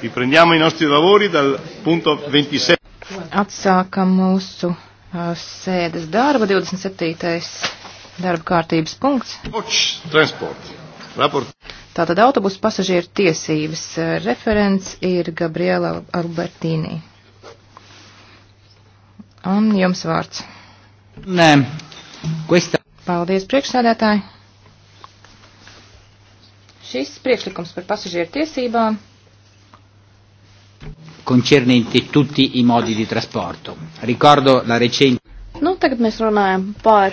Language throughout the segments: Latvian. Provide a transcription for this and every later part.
Riprendiamo i nostri lavori dal punto 27. Atsākam mūsu uh, sēdes darba 27. darba kārtības punkts. Poč, transport. Raport. Tātad autobusu pasažieru tiesības uh, referents ir Gabriela Albertīnī. Un jums vārds. Nē, questa. Paldies, priekšsēdētāji. Šis priekšlikums par pasažieru tiesībām concernenti tutti i modi di trasporto. Ricordo la recente. Nu, tagad mēs runājam par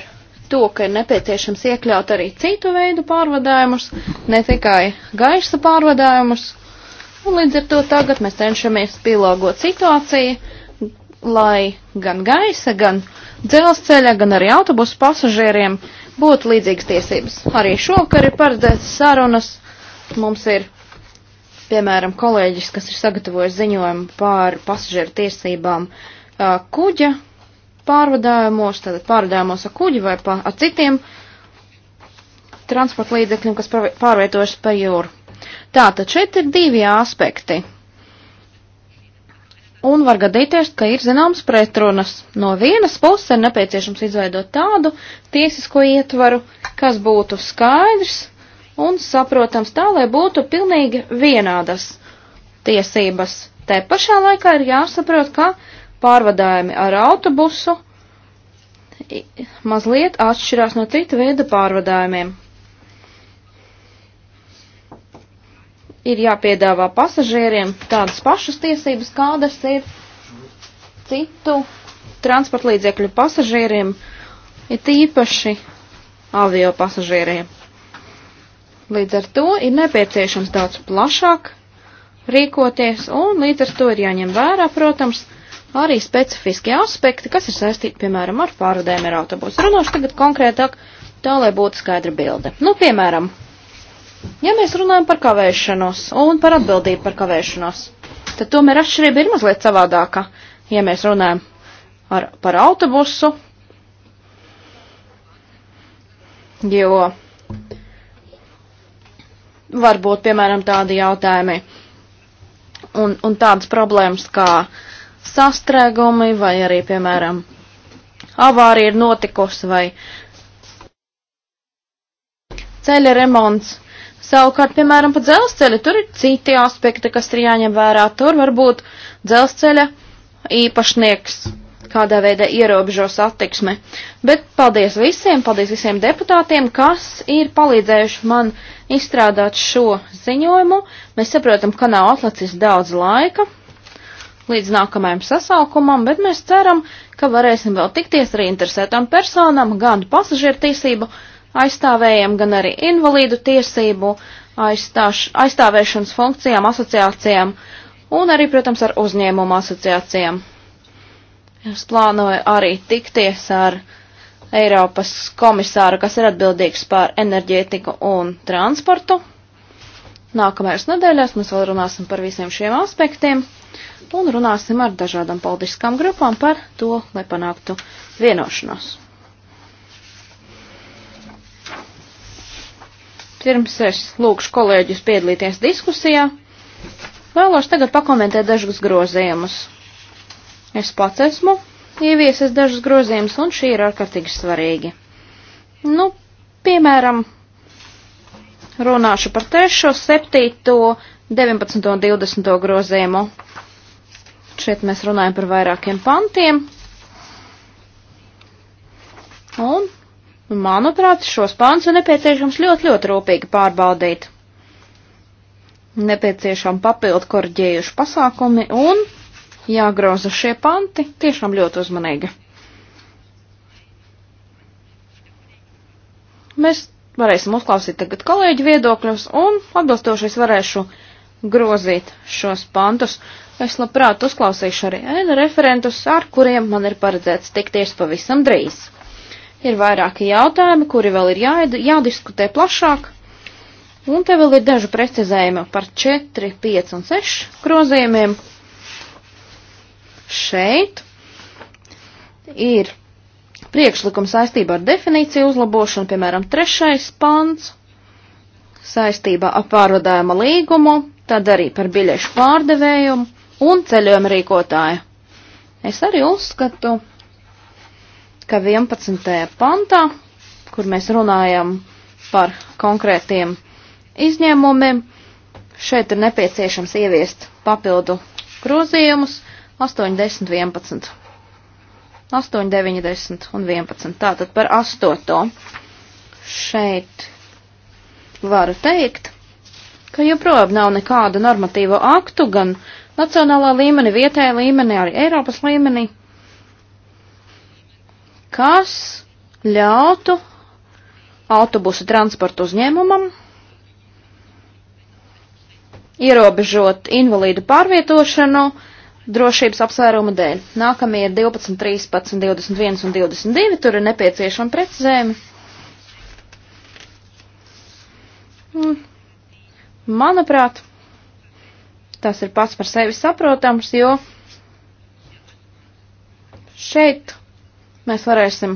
to, ka ir nepieciešams iekļaut arī citu veidu pārvadājumus, ne tikai gaisa pārvadājumus. Un līdz ar to tagad mēs cenšamies pielāgot situāciju, lai gan gaisa, gan dzelzceļa, gan arī autobusu pasažieriem būtu līdzīgas tiesības. Arī šovakar ir paredzētas sarunas. Mums ir piemēram, kolēģis, kas ir sagatavojis ziņojumu par pasažieru tiesībām kuģa pārvadājumos, tātad pārvadājumos ar kuģi vai pa, ar citiem transporta līdzekļiem, kas pārvietojas pa jūru. Tātad šeit ir divi aspekti. Un var gadīties, ka ir zināms pretrunas. No vienas puses ir nepieciešams izveidot tādu tiesisko ietvaru, kas būtu skaidrs un saprotams tā, lai būtu pilnīgi vienādas tiesības. Te pašā laikā ir jāsaprot, ka pārvadājumi ar autobusu mazliet atšķirās no cita veida pārvadājumiem. Ir jāpiedāvā pasažieriem tādas pašas tiesības, kādas ir citu transportlīdzekļu pasažieriem, ir tīpaši avio pasažieriem. Līdz ar to ir nepieciešams daudz plašāk rīkoties, un līdz ar to ir jāņem vērā, protams, arī specifiski aspekti, kas ir saistīti, piemēram, ar pārvadēm ar autobusu. Runāšu tagad konkrētāk, tā lai būtu skaidra bilde. Nu, piemēram, ja mēs runājam par kavēšanos un par atbildību par kavēšanos, tad tomēr atšķirība ir mazliet savādāka, ja mēs runājam ar, par autobusu, jo varbūt, piemēram, tādi jautājumi un, un tādas problēmas kā sastrēgumi vai arī, piemēram, avārija ir notikusi vai ceļa remonts. Savukārt, piemēram, pa dzelzceļa, tur ir citi aspekti, kas ir jāņem vērā. Tur varbūt dzelzceļa īpašnieks kādā veidā ierobežo satiksmi. Bet paldies visiem, paldies visiem deputātiem, kas ir palīdzējuši man izstrādāt šo ziņojumu. Mēs saprotam, ka nav atlicis daudz laika līdz nākamajam sasaukumam, bet mēs ceram, ka varēsim vēl tikties ar interesētām personām, gan pasažieru tiesību aizstāvējiem, gan arī invalīdu tiesību aizstāš, aizstāvēšanas funkcijām, asociācijām un arī, protams, ar uzņēmumu asociācijām. Es plānoju arī tikties ar Eiropas komisāru, kas ir atbildīgs par enerģētiku un transportu. Nākamajās nedēļās mēs vēl runāsim par visiem šiem aspektiem un runāsim ar dažādām politiskām grupām par to, lai panāktu vienošanos. Pirms es lūkšu kolēģus piedalīties diskusijā, vēlos tagad pakomentēt dažus grozījumus. Es pats esmu ieviesis dažus grozījumus, un šī ir ārkārtīgi svarīgi. Nu, piemēram, runāšu par 3., 7., 19. un 20. grozījumu. Šeit mēs runājam par vairākiem pantiem. Un, manuprāt, šos pants ir nepieciešams ļoti, ļoti rūpīgi pārbaudīt. Nepieciešām papildu korģējuši pasākumi un jāgroza šie panti tiešām ļoti uzmanīgi. Mēs varēsim uzklausīt tagad kolēģi viedokļus un atbilstoši es varēšu grozīt šos pantus. Es labprāt uzklausīšu arī ēnu referentus, ar kuriem man ir paredzēts tikties pavisam drīz. Ir vairāki jautājumi, kuri vēl ir jā, jādiskutē plašāk, un te vēl ir daži precizējumi par 4, 5 un 6 grozījumiem Šeit ir priekšlikums saistībā ar definīciju uzlabošanu, piemēram, trešais pants saistībā ar pārvadājuma līgumu, tad arī par biļešu pārdevējumu un ceļojuma rīkotāju. Es arī uzskatu, ka 11. pantā, kur mēs runājam par konkrētiem izņēmumiem, šeit ir nepieciešams ieviest papildu grozījumus, 8, 10, 11. 8, 9, 10 un 11. Tātad par astoto šeit varu teikt, ka joprojām nav nekādu normatīvu aktu gan nacionālā līmenī, vietējā līmenī, arī Eiropas līmenī, kas ļautu autobusu transportu uzņēmumam ierobežot invalīdu pārvietošanu, uh, drošības apsvērumu dēļ. Nākamie ir 12, 13, 21 un 22, tur ir nepieciešama precizējumi. Manuprāt, tas ir pats par sevi saprotams, jo šeit mēs varēsim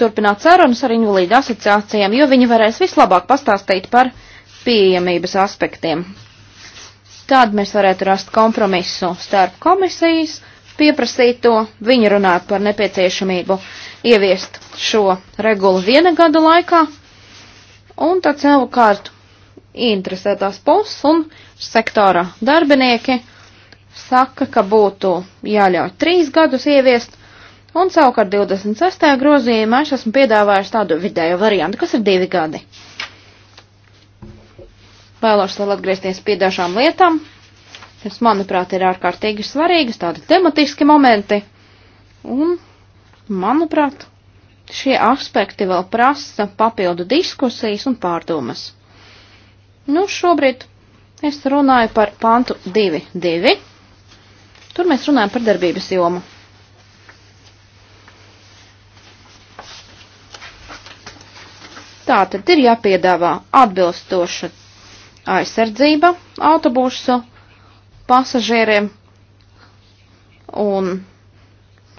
turpināt sarunas ar invalīdu asociācijām, jo viņi varēs vislabāk pastāstīt par pieejamības aspektiem. Tad mēs varētu rast kompromisu starp komisijas, pieprasīt to, viņi runāt par nepieciešamību ieviest šo regulu viena gada laikā, un tad savukārt interesētās puses un sektora darbinieki saka, ka būtu jāļauj trīs gadus ieviest, un savukārt 26. grozījumā es esmu piedāvājis tādu vidēju variantu, kas ir divi gadi. Vēlos vēl atgriezties pie dažām lietām, kas, manuprāt, ir ārkārtīgi svarīgas, tādi tematiski momenti. Un, manuprāt, šie aspekti vēl prasa papildu diskusijas un pārdomas. Nu, šobrīd es runāju par pantu 2.2. Tur mēs runājam par darbības jomu. Tātad ir jāpiedāvā atbilstoša aizsardzība autobusu pasažieriem, un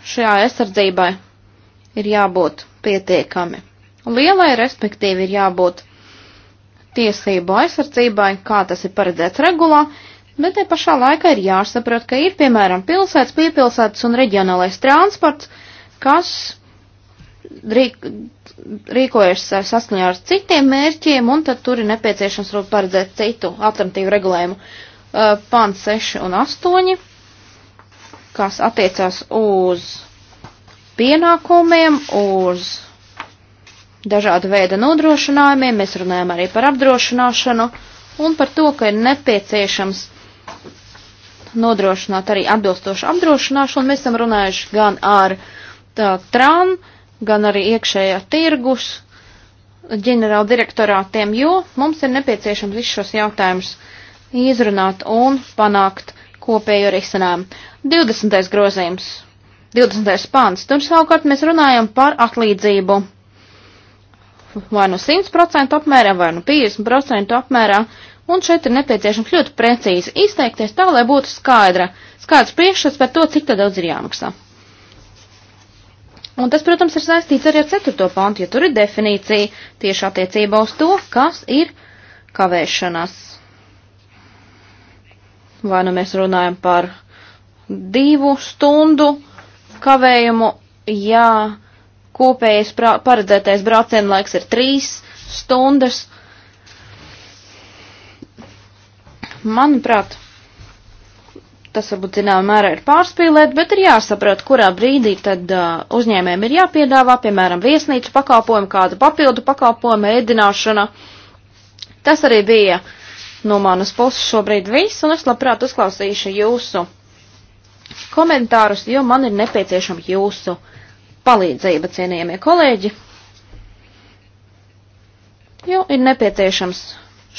šajā aizsardzībai ir jābūt pietiekami lielai, respektīvi ir jābūt tiesību aizsardzībai, kā tas ir paredzēts regulā, bet te pašā laikā ir jāsaprot, ka ir, piemēram, pilsētas, piepilsētas un reģionālais transports, kas drīk, rīkojuši eh, saskaņā ar citiem mērķiem, un tad tur ir nepieciešams paredzēt citu alternatīvu regulējumu. Uh, Pāns 6 un 8, kas attiecās uz pienākumiem, uz dažādu veidu nodrošinājumiem, mēs runājam arī par apdrošināšanu un par to, ka ir nepieciešams nodrošināt arī atbilstošu apdrošināšanu. Mēs esam runājuši gan ar tā, TRAN, uh, gan arī iekšējā tirgus ģenerāla direktorātiem, jo mums ir nepieciešams visus šos jautājumus izrunāt un panākt kopēju risinājumu. 20. grozījums, 20. pāns, tur savukārt mēs runājam par atlīdzību vai nu no 100% apmērā, vai nu no 50% apmērā, un šeit ir nepieciešams ļoti precīzi izteikties tā, lai būtu skaidra, skaidrs priekšstats par to, cik tad daudz ir jāmaksā. Un tas, protams, ir saistīts arī ar 4. pantu, ja tur ir definīcija tieši attiecībā uz to, kas ir kavēšanās. Vai nu mēs runājam par divu stundu kavējumu, ja kopējais paredzētais brauciena laiks ir trīs stundas. Manuprāt, Tas varbūt zināmā mērā ir pārspīlēt, bet ir jāsaprot, kurā brīdī tad uh, uzņēmējiem ir jāpiedāvā, piemēram, viesnīcu pakalpojumu, kāda papildu pakalpojuma, ēdināšana. Tas arī bija no manas puses šobrīd viss, un es labprāt uzklausīšu jūsu komentārus, jo man ir nepieciešama jūsu palīdzība, cienījamie kolēģi. Jo ir nepieciešams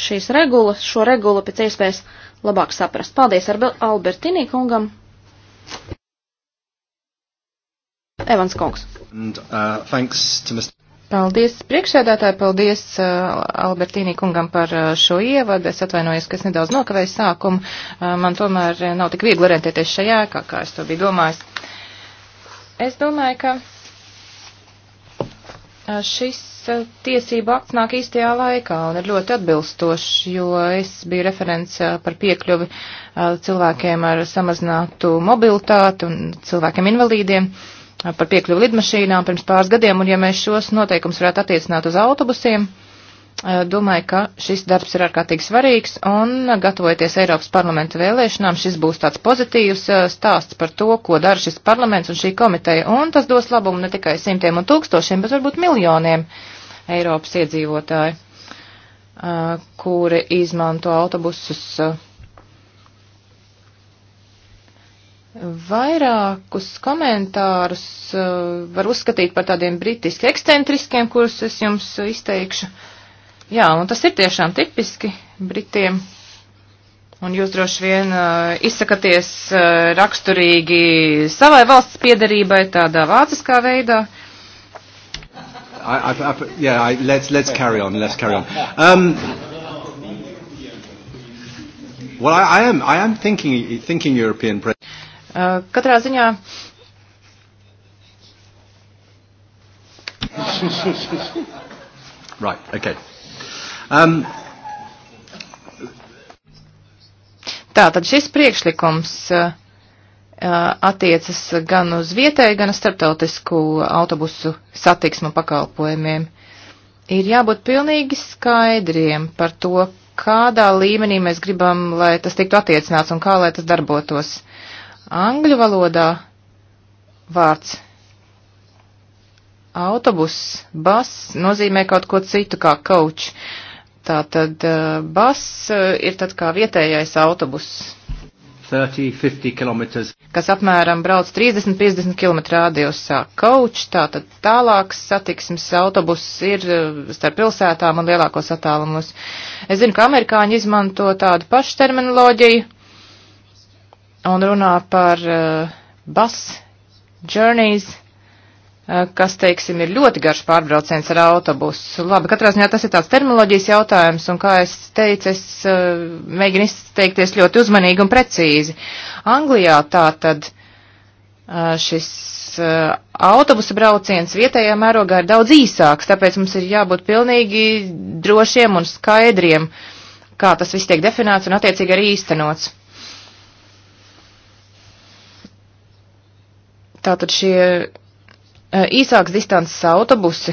šīs regulas, šo regulu pēc iespējas labāk saprast. Paldies Albertīnī kungam! Evans kungs. And, uh, Mr... Paldies priekšsēdētāji, paldies uh, Albertīnī kungam par uh, šo ievadu. Es atvainojos, ka es nedaudz nokavēju sākumu. Uh, man tomēr nav tik viegli orientēties šajā ēkā, kā es to biju domājis. Es domāju, ka Šis tiesība akts nāk īstajā laikā un ir ļoti atbilstošs, jo es biju referents par piekļuvi cilvēkiem ar samazinātu mobilitāti un cilvēkiem invalīdiem par piekļuvi lidmašīnām pirms pāris gadiem, un ja mēs šos noteikums varētu attiecināt uz autobusiem, Eh, domāju, ka šis darbs ir ārkārtīgi svarīgs un eh, gatavojoties Eiropas parlamenta vēlēšanām, šis būs tāds pozitīvs eh, stāsts par to, ko dara šis parlaments un šī komiteja. Un tas dos labumu ne tikai simtiem un tūkstošiem, bet varbūt miljoniem Eiropas iedzīvotāju, kuri izmanto autobusus Vairākus komentārus uh, var uzskatīt par tādiem britiski ekscentriskiem, kurus es jums izteikšu. Uh, Jā, un tas ir tiešām tipiski Britiem. Un jūs droši vien uh, izsakaties uh, raksturīgi savai valsts piedarībai tādā vāciskā veidā. I, I, I, yeah, I, let's, let's carry on, let's carry on. Um, well, I, I am, I am thinking, thinking European president. Uh, katrā ziņā. right, okay. Um, Tātad šis priekšlikums uh, uh, attiecas gan uz vietēju, gan uz starptautisku autobusu satiksmu pakalpojumiem. Ir jābūt pilnīgi skaidriem par to, kādā līmenī mēs gribam, lai tas tiktu attiecināts un kā lai tas darbotos. Angļu valodā vārds autobus, bus nozīmē kaut ko citu kā coach. Uh, Tātad eh, bas eh, ir tad kā vietējais autobus. 30, kas apmēram brauc 30-50 km radiusā. Kauč, tātad tālāks satiksmes autobus ir eh, starp pilsētām un lielākos attālumus. Es zinu, ka amerikāņi izmanto tādu pašu terminoloģiju un runā par uh, bus journeys Eh, kas, teiksim, ir ļoti garš pārbrauciens ar autobusu. Labi, katrā ziņā tas ir tāds terminoloģijas jautājums, un kā es teicu, es uh, mēģinu izteikties ļoti uzmanīgi un precīzi. Anglijā tā tad uh, šis uh, autobusa brauciens vietējā mērogā ir daudz īsāks, tāpēc mums ir jābūt pilnīgi drošiem un skaidriem, kā tas viss tiek definēts un attiecīgi arī īstenots. Tātad šie Eh, īsāks distances autobusi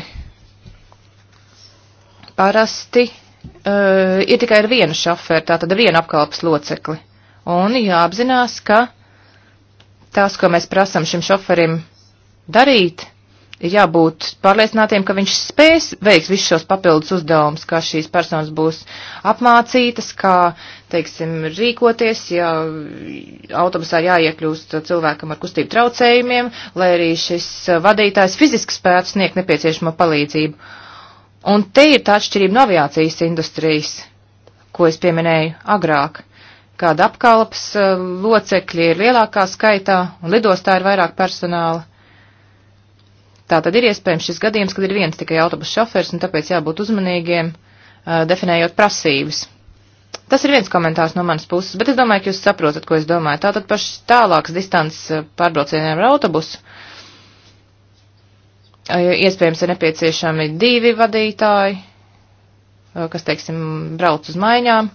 parasti uh, ir tikai ar vienu šoferu, tātad ar vienu apkalpas locekli. Un jāapzinās, ka tas, ko mēs prasam šim šoferim darīt, ir jābūt pārliecinātiem, ka viņš spēs veiks visus šos papildus uzdevumus, kā šīs personas būs apmācītas, kā, teiksim, rīkoties, ja autobusā jāiekļūst cilvēkam ar kustību traucējumiem, lai arī šis vadītājs fiziski spētu sniegt nepieciešamo palīdzību. Un te ir tā atšķirība no aviācijas industrijas, ko es pieminēju agrāk kāda apkalpas eh, locekļi ir lielākā skaitā un lidostā ir vairāk personāla. Tā tad ir iespējams šis gadījums, kad ir viens tikai autobusu šofers, un tāpēc jābūt uzmanīgiem, uh, definējot prasības. Tas ir viens komentārs no manas puses, bet es domāju, ka jūs saprotat, ko es domāju. Tātad par tālākas distances pārbraucieniem ar autobusu iespējams ir nepieciešami divi vadītāji, kas, teiksim, brauc uz maiņām.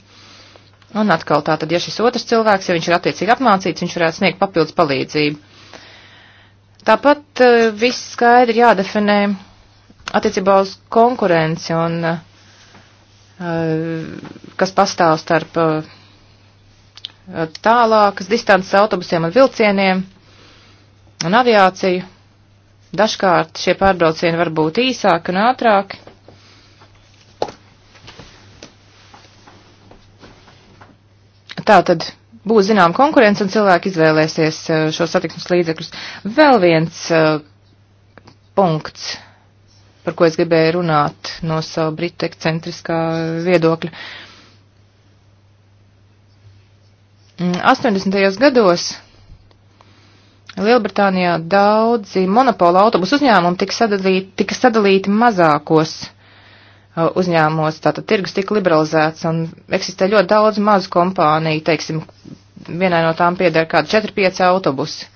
Un atkal tā tad, ja šis otrs cilvēks, ja viņš ir attiecīgi apmācīts, viņš varētu sniegt papildus palīdzību. Tāpat eh, viss skaidri jādefinē attiecībā uz konkurenci un eh, kas pastāv starp eh, tālākas distances autobusiem un vilcieniem un aviāciju. Dažkārt šie pārbraucieni var būt īsāki un ātrāki. Tātad būs zinām konkurence un cilvēki izvēlēsies eh, šo satiksmes līdzekļus. Vēl viens eh, punkts, par ko es gribēju runāt no savu britu ekcentriskā viedokļa. 80. Mm, gados Lielbritānijā daudzi monopola autobusu uzņēmumi tika sadalīti, tika sadalīti mazākos uzņēmumos, tātad tirgus tika liberalizēts un eksistē ļoti daudz mazu kompāniju, teiksim, vienai no tām pieder kādi 4-5 autobusi.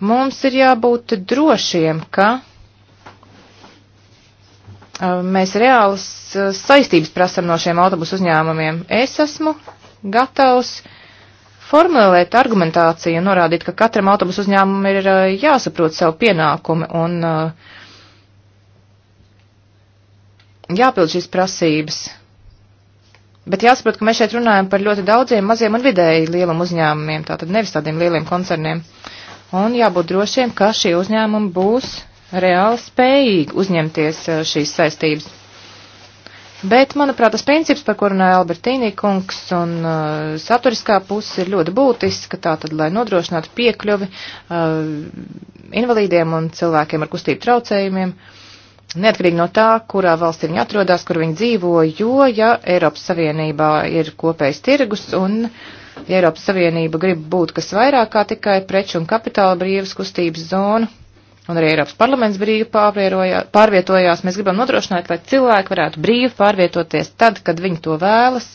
Mums ir jābūt drošiem, ka mēs reālas saistības prasam no šiem autobusu uzņēmumiem. Es esmu gatavs formulēt argumentāciju un norādīt, ka katram autobusu uzņēmumam ir jāsaprot savu pienākumu un uh, jāpild šīs prasības. Bet jāsaprot, ka mēs šeit runājam par ļoti daudziem maziem un vidēji lielam uzņēmumiem, tātad nevis tādiem lieliem koncerniem. Un jābūt drošiem, ka šie uzņēmumi būs reāli spējīgi uzņemties eh, šīs saistības. Bet, manuprāt, tas princips, par ko runāja Albertīnī kungs, un uh, saturiskā puse ir ļoti būtiska, tātad, lai nodrošinātu piekļuvi uh, invalīdiem un cilvēkiem ar kustību traucējumiem. Uh, neatkarīgi no tā, kurā valstī viņi atrodas, kur viņi dzīvo, jo, ja Eiropas Savienībā ir kopējs tirgus un ja Eiropas Savienība grib būt kas vairāk kā tikai preču un kapitāla brīvas kustības zona, un arī Eiropas parlaments brīvi pārvietojās, mēs gribam nodrošināt, lai cilvēki varētu brīvi pārvietoties tad, kad viņi to vēlas,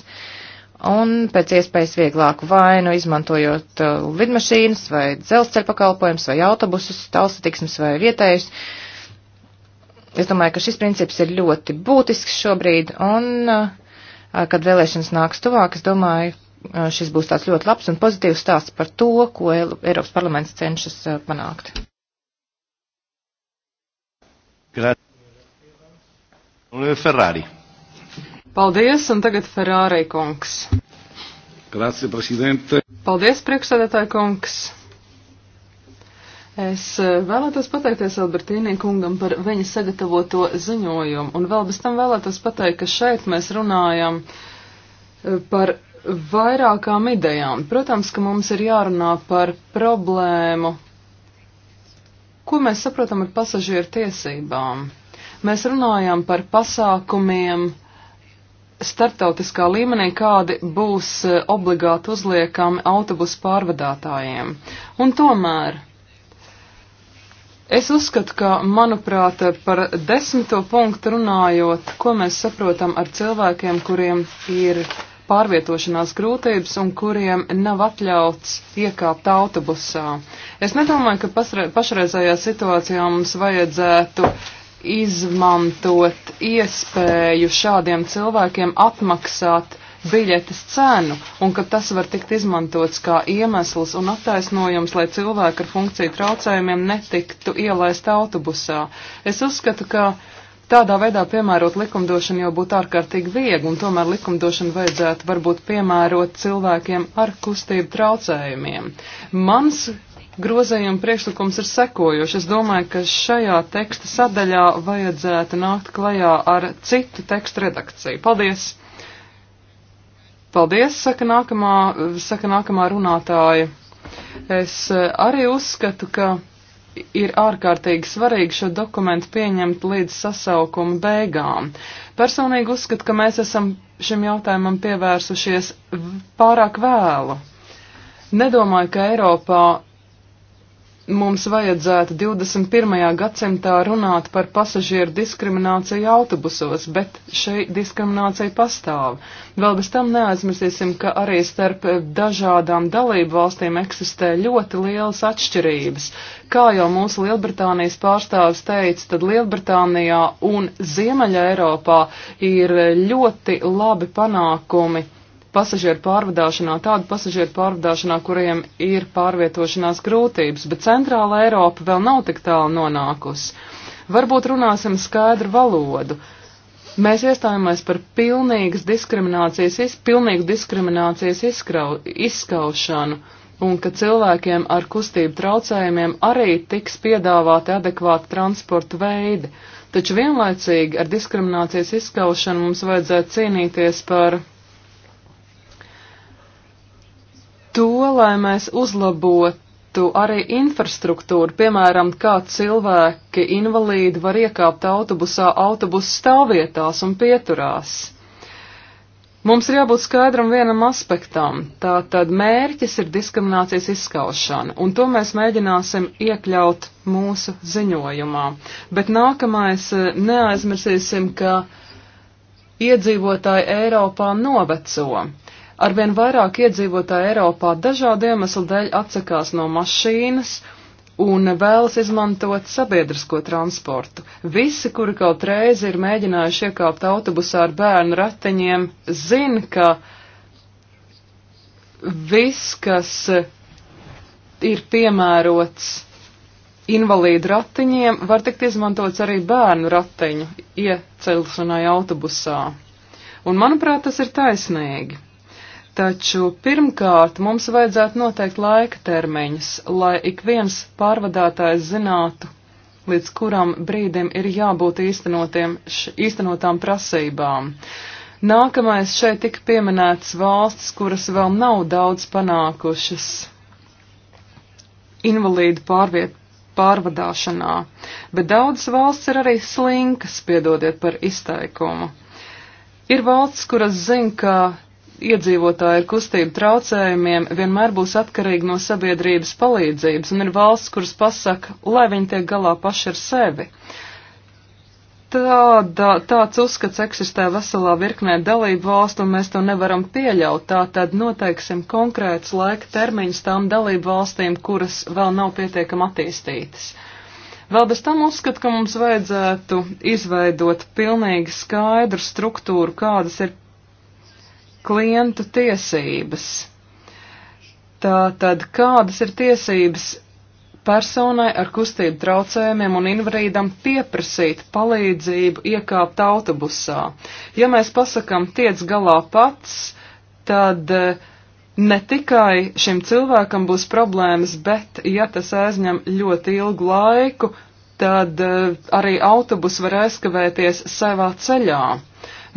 un pēc iespējas vieglāku vainu izmantojot uh, lidmašīnas vai dzelzceļa pakalpojumus vai autobusus, tālsatiksmes vai vietējus. Uh, Es domāju, ka šis princips ir ļoti būtisks šobrīd, un kad vēlēšanas nāks tuvāk, es domāju, šis būs tāds ļoti labs un pozitīvs stāsts par to, ko Eiropas parlaments cenšas panākt. Ferrari. Paldies, un tagad Ferrari kungs. Grazie, prezidente. Paldies, priekšsēdētāji kungs. Es eh, vēlētos pateikties Albertīnī kungam par viņa sagatavoto ziņojumu, un vēl bez tam vēlētos pateikt, ka šeit mēs runājam eh, par vairākām idejām. Protams, ka mums ir jārunā par problēmu, ko mēs saprotam ar pasažieru tiesībām. Mēs runājam par pasākumiem starptautiskā līmenī, kādi būs eh, obligāti uzliekami autobusu pārvadātājiem. Un tomēr Es uzskatu, ka, manuprāt, par desmito punktu runājot, ko mēs saprotam ar cilvēkiem, kuriem ir pārvietošanās grūtības un kuriem nav atļauts iekāpt autobusā. Es nedomāju, ka pašreizējā situācijā mums vajadzētu izmantot iespēju šādiem cilvēkiem atmaksāt biļetes cenu, un ka tas var tikt izmantots kā iemesls un attaisnojums, lai cilvēki ar funkciju traucējumiem netiktu ielaist autobusā. Es uzskatu, ka tādā veidā piemērot likumdošanu jau būtu ārkārtīgi viegli, un tomēr likumdošanu vajadzētu varbūt piemērot cilvēkiem ar kustību traucējumiem. Mans grozējuma priekšlikums ir sekojošs. Es domāju, ka šajā teksta sadaļā vajadzētu nākt klajā ar citu tekstu redakciju. Paldies! Paldies, saka nākamā, saka nākamā runātāja. Es eh, arī uzskatu, ka ir ārkārtīgi svarīgi šo dokumentu pieņemt līdz sasaukuma beigām. Personīgi uzskatu, ka mēs esam šim jautājumam pievērsušies pārāk vēlu. Nedomāju, ka Eiropā mums vajadzētu 21. gadsimtā runāt par pasažieru diskrimināciju autobusos, bet šī diskriminācija pastāv. Vēl bez tam neaizmirsīsim, ka arī starp dažādām dalību valstīm eksistē ļoti lielas atšķirības. Kā jau mūsu Lielbritānijas pārstāvis teica, tad Lielbritānijā un Ziemeļa Eiropā ir ļoti labi panākumi pasažieru pārvadāšanā, tādu pasažieru pārvadāšanā, kuriem ir pārvietošanās grūtības, bet centrāla Eiropa vēl nav tik tālu nonākusi. Varbūt runāsim skaidru valodu. Mēs iestājāmies par pilnīgas diskriminācijas, iz, pilnīgu diskriminācijas izkrau, izskaušanu un ka cilvēkiem ar kustību traucējumiem arī tiks piedāvāti adekvāti transporta veidi. Taču vienlaicīgi ar diskriminācijas izskaušanu mums vajadzētu cīnīties par to, lai mēs uzlabotu arī infrastruktūru, piemēram, kā cilvēki invalīdi var iekāpt autobusā autobusu stāvvietās un pieturās. Mums ir jābūt skaidram vienam aspektam. Tātad mērķis ir diskriminācijas izskaušana, un to mēs mēģināsim iekļaut mūsu ziņojumā. Bet nākamais eh, neaizmirsīsim, ka iedzīvotāji Eiropā noveco. Arvien vairāk iedzīvotāji Eiropā dažādu iemeslu dēļ atsakās no mašīnas un vēlas izmantot sabiedrisko transportu. Visi, kuri kaut reizi ir mēģinājuši iekāpt autobusā ar bērnu ratiņiem, zina, ka viss, kas ir piemērots invalīdu ratiņiem, var tikt izmantots arī bērnu ratiņu ieceļšanai autobusā. Un, manuprāt, tas ir taisnīgi. Taču pirmkārt mums vajadzētu noteikt laika termiņus, lai ik viens pārvadātājs zinātu, līdz kuram brīdim ir jābūt īstenotām prasībām. Nākamais šeit tika pieminēts valstis, kuras vēl nav daudz panākušas invalīdu pārviet, pārvadāšanā, bet daudzas valsts ir arī slinkas, piedodiet par izteikumu. Ir valsts, kuras zina, ka iedzīvotāju kustību traucējumiem vienmēr būs atkarīgi no sabiedrības palīdzības, un ir valsts, kuras pasaka, lai viņi tiek galā paši ar sevi. Tāda, tāds uzskats eksistē veselā virknē dalību valstu, un mēs to nevaram pieļaut. Tātad noteiksim konkrēts laika termiņus tām dalību valstīm, kuras vēl nav pietiekami attīstītas. Vēl bez tam uzskatu, ka mums vajadzētu izveidot pilnīgi skaidru struktūru, kādas ir klientu tiesības. Tātad, kādas ir tiesības personai ar kustību traucējumiem un invalīdam pieprasīt palīdzību iekāpt autobusā? Ja mēs pasakam tiec galā pats, tad eh, ne tikai šim cilvēkam būs problēmas, bet ja tas aizņem ļoti ilgu laiku, tad eh, arī autobus var aizkavēties savā ceļā.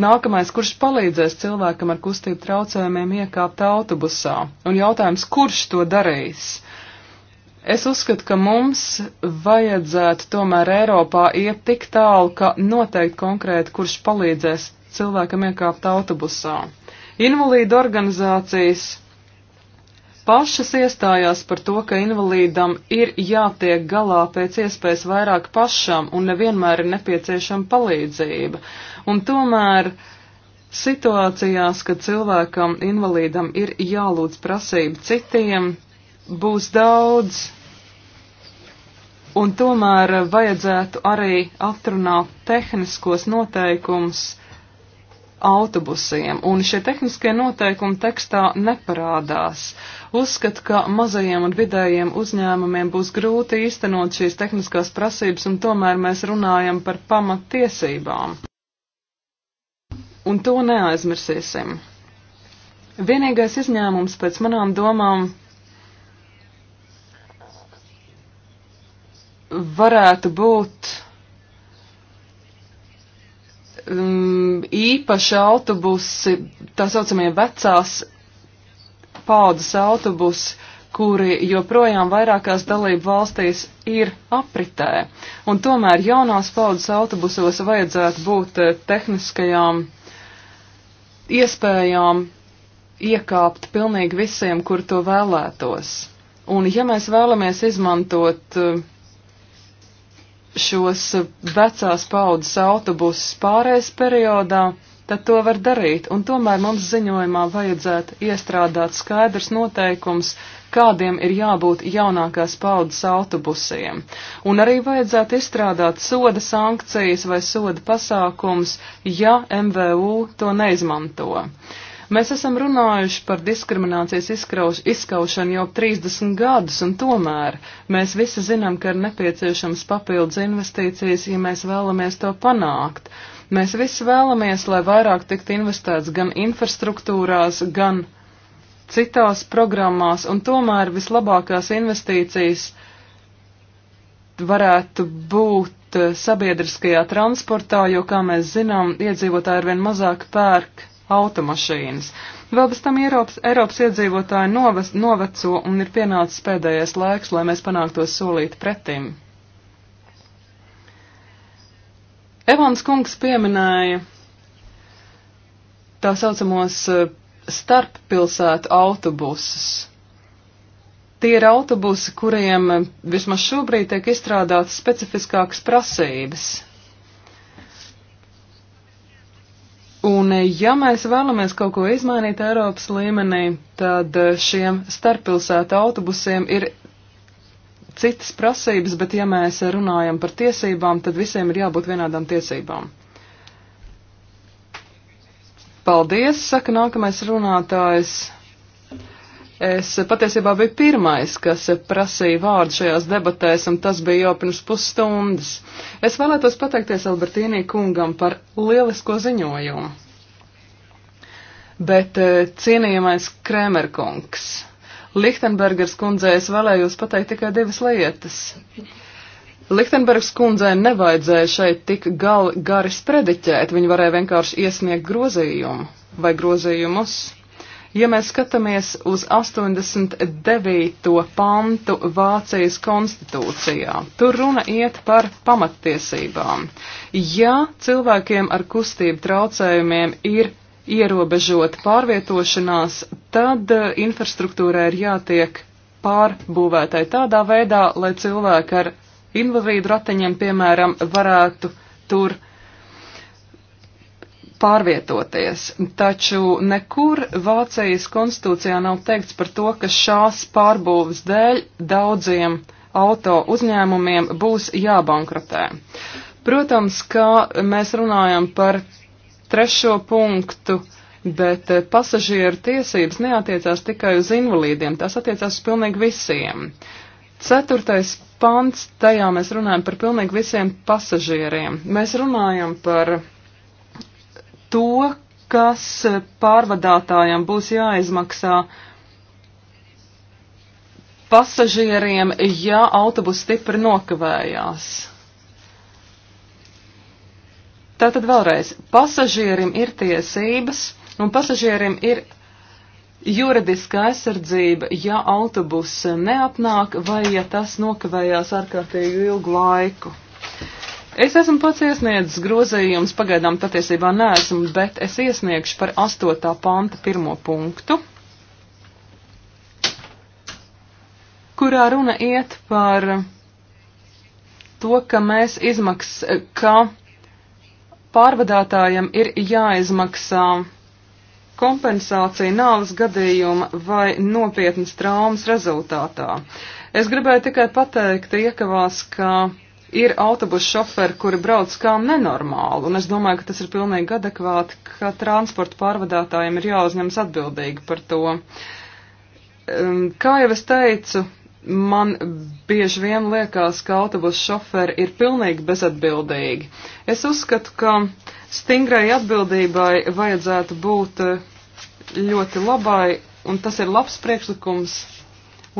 Nākamais, kurš palīdzēs cilvēkam ar kustību traucējumiem iekāpt autobusā? Un jautājums, kurš to darīs? Es uzskatu, ka mums vajadzētu tomēr Eiropā iet tik tālu, ka noteikti konkrēti, kurš palīdzēs cilvēkam iekāpt autobusā. Invalīdu organizācijas pašas iestājās par to, ka invalīdam ir jātiek galā pēc iespējas vairāk pašam un nevienmēr ir nepieciešama palīdzība. Un tomēr situācijās, kad cilvēkam invalīdam ir jālūdz prasība citiem, būs daudz. Un tomēr vajadzētu arī atrunāt tehniskos noteikumus, autobusiem, un šie tehniskie noteikumi tekstā neparādās. Uzskat, ka mazajiem un vidējiem uzņēmumiem būs grūti īstenot šīs tehniskās prasības, un tomēr mēs runājam par pamattiesībām. Un to neaizmirsīsim. Vienīgais izņēmums pēc manām domām varētu būt um, īpaši autobusi, tā saucamie vecās paudas autobusi, kuri joprojām vairākās dalību valstīs ir apritē. Un tomēr jaunās paudas autobusos vajadzētu būt eh, tehniskajām iespējām iekāpt pilnīgi visiem, kur to vēlētos. Un ja mēs vēlamies izmantot uh, šos vecās paudzes autobusus pārējais periodā, tad to var darīt, un tomēr mums ziņojumā vajadzētu iestrādāt skaidrs noteikums, kādiem ir jābūt jaunākās paudzes autobusiem, un arī vajadzētu izstrādāt soda sankcijas vai soda pasākums, ja MVU to neizmanto. Mēs esam runājuši par diskriminācijas izkrauš, izskaušanu jau 30 gadus, un tomēr mēs visi zinām, ka ir nepieciešams papildus investīcijas, ja mēs vēlamies to panākt. Mēs visi vēlamies, lai vairāk tiktu investēts gan infrastruktūrās, gan citās programmās, un tomēr vislabākās investīcijas varētu būt eh, sabiedriskajā transportā, jo, kā mēs zinām, iedzīvotāji ar vien mazāk pērk automašīnas. Vēl bez tam Eiropas, Eiropas iedzīvotāji novas, noveco un ir pienācis pēdējais laiks, lai mēs panāktos solīt pretim. Evans kungs pieminēja tā saucamos eh, starppilsētu autobusus. Tie ir autobusi, kuriem eh, vismaz šobrīd tiek izstrādātas specifiskākas prasības Un eh, ja mēs vēlamies kaut ko izmainīt Eiropas līmenī, tad eh, šiem starppilsētu autobusiem ir citas prasības, bet ja mēs eh, runājam par tiesībām, tad visiem ir jābūt vienādām tiesībām. Paldies, saka nākamais runātājs. Es patiesībā biju pirmais, kas prasīja vārdu šajās debatēs, un tas bija jau pirms pusstundas. Es vēlētos pateikties Albertīnī kungam par lielisko ziņojumu. Bet e, cienījamais Kremerkungs, Lichtenbergers kundzē es vēlējos pateikt tikai divas lietas. Liktenbergs kundzei nevajadzēja šeit tik gal, gari sprediķēt, viņa varēja vienkārši iesniegt grozījumu vai grozījumus. Ja mēs skatāmies uz 89. pantu Vācijas konstitūcijā, tur runa iet par pamattiesībām. Ja cilvēkiem ar kustību traucējumiem ir ierobežota pārvietošanās, tad eh, infrastruktūrai ir jātiek pārbūvētai tādā veidā, lai cilvēki ar invalīdu ratiņiem, piemēram, varētu tur pārvietoties. Taču nekur Vācijas konstitūcijā nav teikts par to, ka šās pārbūves dēļ daudziem auto uzņēmumiem būs jābankrotē. Protams, ka mēs runājam par trešo punktu, bet eh, pasažieru tiesības neatiecās tikai uz invalīdiem, tās attiecās uz pilnīgi visiem. Ceturtais pants, tajā mēs runājam par pilnīgi visiem pasažieriem. Mēs runājam par to, kas pārvadātājiem būs jāizmaksā pasažieriem, ja autobus stipri nokavējās. Tātad vēlreiz, pasažierim ir tiesības un pasažierim ir juridiska aizsardzība, ja autobus neapnāk vai ja tas nokavējās ārkārtīgi ilgu laiku. Es esmu pats iesniedzis grozījumus, pagaidām patiesībā neesmu, bet es iesniegšu par 8. panta pirmo punktu, kurā runa iet par to, ka mēs izmaks, ka pārvadātājam ir jāizmaksā kompensācija nāves gadījuma vai nopietnas traumas rezultātā. Es gribēju tikai pateikt iekavās, ka ir autobusu šoferi, kuri brauc kā nenormāli, un es domāju, ka tas ir pilnīgi adekvāti, ka transporta pārvadātājiem ir jāuzņemas atbildīgi par to. Ehm, kā jau es teicu, Man bieži vien liekas, ka autobusu šoferi ir pilnīgi bezatbildīgi. Es uzskatu, ka stingrai atbildībai vajadzētu būt eh, ļoti labai, un tas ir labs priekšlikums.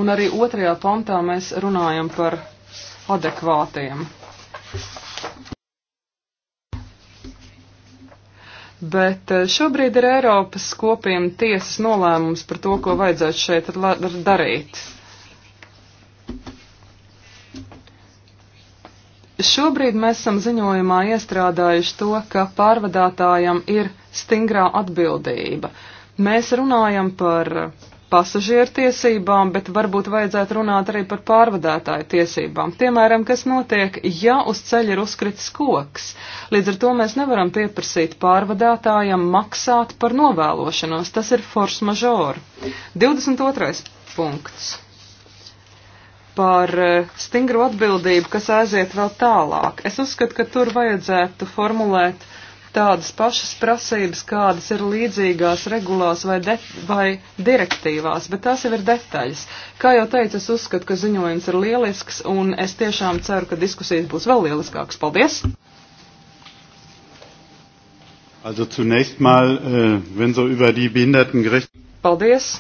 Un arī otrajā pantā mēs runājam par adekvātiem. Bet eh, šobrīd ir Eiropas kopiem tiesas nolēmums par to, ko vajadzētu šeit darīt. Šobrīd mēs esam ziņojumā iestrādājuši to, ka pārvadātājam ir stingrā atbildība. Mēs runājam par pasažieru tiesībām, bet varbūt vajadzētu runāt arī par pārvadātāju tiesībām. Piemēram, kas notiek, ja uz ceļa ir uzkritis koks. Līdz ar to mēs nevaram pieprasīt pārvadātājam maksāt par novēlošanos. Tas ir force majeure. 22. punkts par eh, stingru atbildību, kas aiziet vēl tālāk. Es uzskatu, ka tur vajadzētu formulēt tādas pašas prasības, kādas ir līdzīgās regulās vai, de, vai direktīvās, bet tās jau ir detaļas. Kā jau teicu, es uzskatu, ka ziņojums ir lielisks, un es tiešām ceru, ka diskusijas būs vēl lieliskākas. Paldies! Also zunächst mal, äh, wenn so über die Behindertengerechtigkeit. Paldies!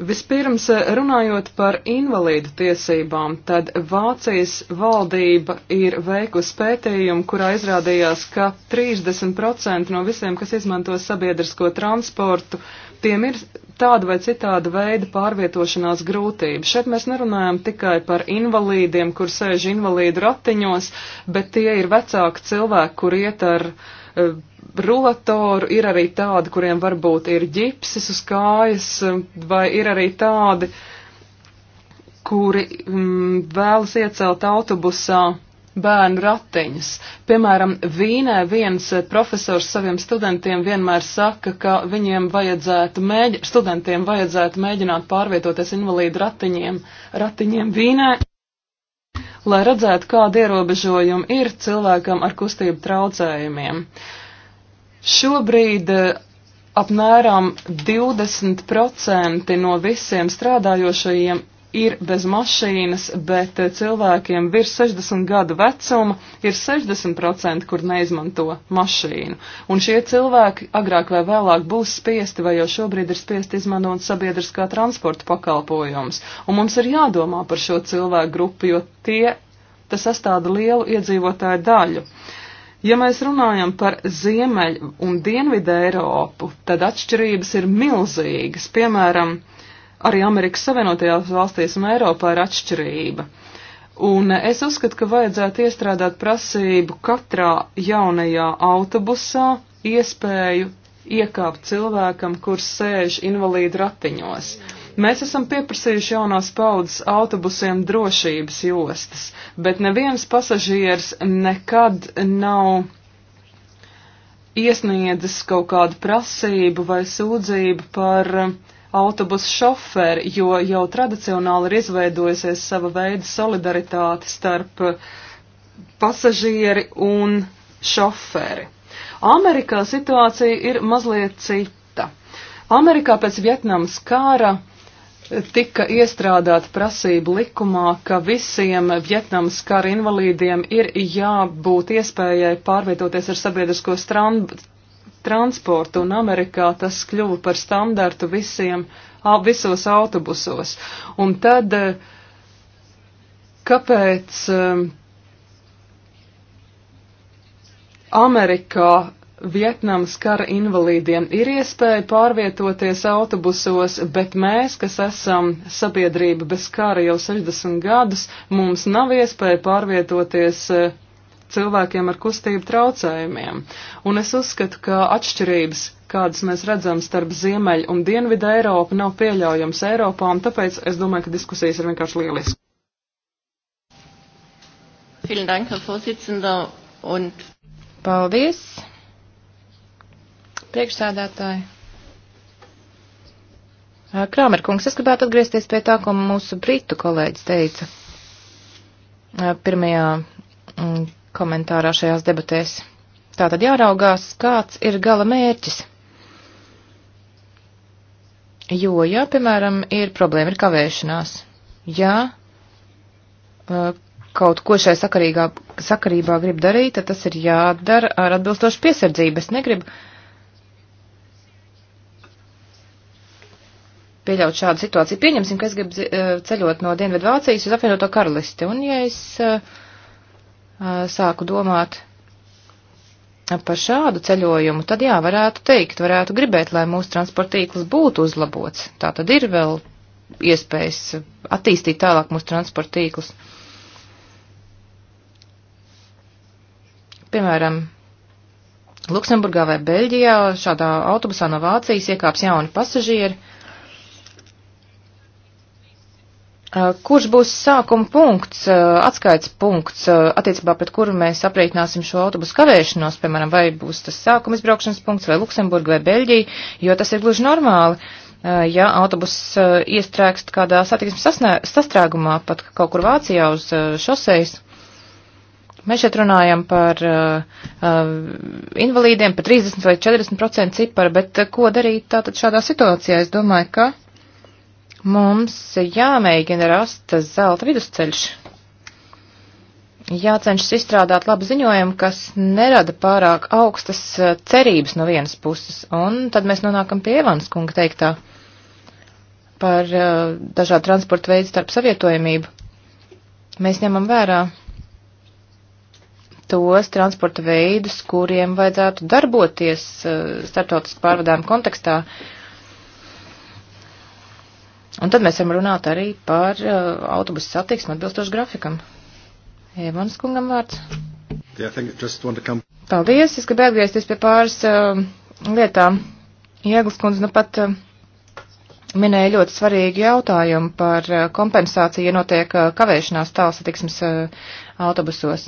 Vispirms eh, runājot par invalīdu tiesībām, tad Vācijas valdība ir veikusi pētījumu, kurā izrādījās, ka 30% no visiem, kas izmanto sabiedrisko transportu, tiem ir tāda vai citāda veida pārvietošanās grūtība. Šeit mēs nerunājam tikai par invalīdiem, kur sēž invalīdu ratiņos, bet tie ir vecāki cilvēki, kur iet ar uh, Eh, rulatoru, ir arī tādi, kuriem varbūt ir ģipses uz kājas, eh, vai ir arī tādi, kuri mm, vēlas iecelt autobusā bērnu ratiņus. Piemēram, Vīnē viens eh, profesors saviem studentiem vienmēr saka, ka viņiem vajadzētu mēģi, studentiem vajadzētu mēģināt pārvietoties invalīdu ratiņiem, ratiņiem Vīnē lai redzētu, kāda ierobežojuma ir cilvēkam ar kustību traucējumiem. Šobrīd eh, apmēram 20% no visiem strādājošajiem ir bez mašīnas, bet eh, cilvēkiem virs 60 gadu vecuma ir 60%, kur neizmanto mašīnu. Un šie cilvēki agrāk vai vēlāk būs spiesti vai jau šobrīd ir spiesti izmantot sabiedriskā transporta pakalpojumus. Un mums ir jādomā par šo cilvēku grupu, jo tie, tas sastāda lielu iedzīvotāju daļu. Ja mēs runājam par Ziemeļu un Dienvidu Eiropu, tad atšķirības ir milzīgas. Piemēram, uh, arī Amerikas Savienotajās valstīs un Eiropā ir atšķirība. Un es uzskatu, ka vajadzētu iestrādāt prasību katrā jaunajā autobusā iespēju iekāpt cilvēkam, kurš sēž invalīdu ratiņos. Mēs esam pieprasījuši jaunās paudzes autobusiem drošības jostas, bet neviens pasažieris nekad nav iesniedzis kaut kādu prasību vai sūdzību par uh, autobusu šoferi, jo jau tradicionāli ir izveidojusies sava veida solidaritāte starp pasažieri un šoferi. Amerikā situācija ir mazliet cita. Amerikā pēc Vietnamas kara tika iestrādāta prasība likumā, ka visiem Vietnamas kara invalīdiem ir jābūt iespējai pārvietoties ar sabiedrisko strand, transportu, un Amerikā tas kļuva par standartu visiem, visos autobusos. Un tad, eh, kāpēc eh, Amerikā Vietnamas kara invalīdiem ir iespēja pārvietoties autobusos, bet mēs, kas esam sabiedrība bez kara jau 60 gadus, mums nav iespēja pārvietoties eh, cilvēkiem ar kustību traucējumiem. Un es uzskatu, ka atšķirības, kādas mēs redzam starp Ziemeļu un Dienvidu Eiropu, nav pieļaujams Eiropā, un tāpēc es domāju, ka diskusijas ir vienkārši lieliskas. Paldies, priekšsēdētāji. Krāmerkungs, es gribētu atgriezties pie tā, ko mūsu britu kolēģis teica pirmajā mm, komentārā šajās debatēs. Tā tad jāraugās, kāds ir gala mērķis. Jo, ja, piemēram, ir problēma, ir kavēšanās, ja kaut ko šai sakarīgā, sakarībā grib darīt, tad tas ir jādara ar atbilstošu piesardzību. Es negribu pieļaut šādu situāciju. Pieņemsim, ka es gribu ceļot no Dienvidvācijas uz apvienoto karalisti. Un ja es uh, sāku domāt par šādu ceļojumu, tad jā, varētu teikt, varētu gribēt, lai mūsu transporta tīkls būtu uzlabots. Tā tad ir vēl iespējas attīstīt tālāk mūsu transporta tīklus. Piemēram, Luksemburgā vai Beļģijā šādā autobusā no Vācijas iekāps jauni pasažieri Kurš būs sākuma punkts, atskaits punkts, attiecībā pret kuru mēs aprēķināsim šo autobusu kavēšanos, piemēram, vai būs tas sākuma izbraukšanas punkts, vai Luksemburga, vai Beļģija, jo tas ir gluži normāli. Ja autobuss iestrēgst kādā satiksmes sastrēgumā, pat kaut kur Vācijā uz šoseis, mēs šeit runājam par invalīdiem, par 30 vai 40 procentu ciparu, bet ko darīt tātad šādā situācijā? Es domāju, ka Mums jāmēģina rast zelta vidusceļš. Jācenšas izstrādāt labu ziņojumu, kas nerada pārāk augstas eh, cerības no vienas puses, un tad mēs nonākam pie Evans kunga teiktā par uh, dažādu transporta veidu starp savietojamību. Mēs ņemam vērā tos transporta veidus, kuriem vajadzētu darboties uh, eh, starptautisku pārvadājumu kontekstā. Uh, Un tad mēs varam runāt arī par uh, autobusu satiksmu atbilstošu grafikam. Ievans kungam vārds. Yeah, Paldies, es gribēju atgriezties pie pāris uh, lietām. Ieglis kundze nu pat uh, minēja ļoti svarīgu jautājumu par uh, kompensāciju, ja notiek uh, kavēšanās tālsatiksmes uh, autobusos.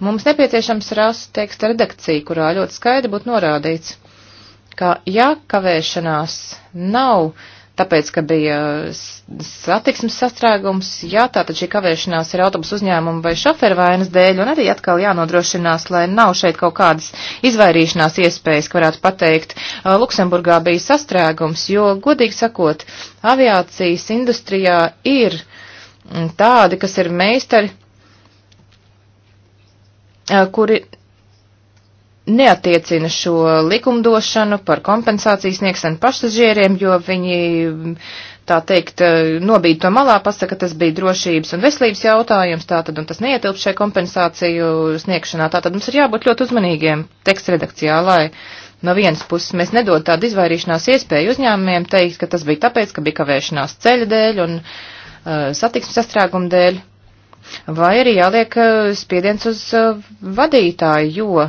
Mums nepieciešams rast teksta redakcija, kurā ļoti skaidri būtu norādīts, ka ja kavēšanās nav uh, tāpēc, ka bija satiksmes sastrēgums. Jā, tātad šī kavēšanās ir autobusu uzņēmuma vai šoferu vainas dēļ, un arī atkal jānodrošinās, lai nav šeit kaut kādas izvairīšanās iespējas, ka varētu pateikt, Luksemburgā bija sastrēgums, jo, godīgi sakot, aviācijas industrijā ir tādi, kas ir meistari, kuri neatiecina šo likumdošanu par kompensācijas sniegšanu pašsažieriem, jo viņi, tā teikt, nobīd to malā, pasaka, ka tas bija drošības un veselības jautājums, tātad, un tas neietilp šai kompensāciju sniegšanā, tātad mums ir jābūt ļoti uzmanīgiem teksta redakcijā, lai no vienas puses mēs nedod tādu izvairīšanās iespēju uzņēmumiem teikt, ka tas bija tāpēc, ka bija kavēšanās ceļa dēļ un uh, satiksmes sastrēguma dēļ. Vai arī jāliek uh, spiediens uz uh, vadītāju, jo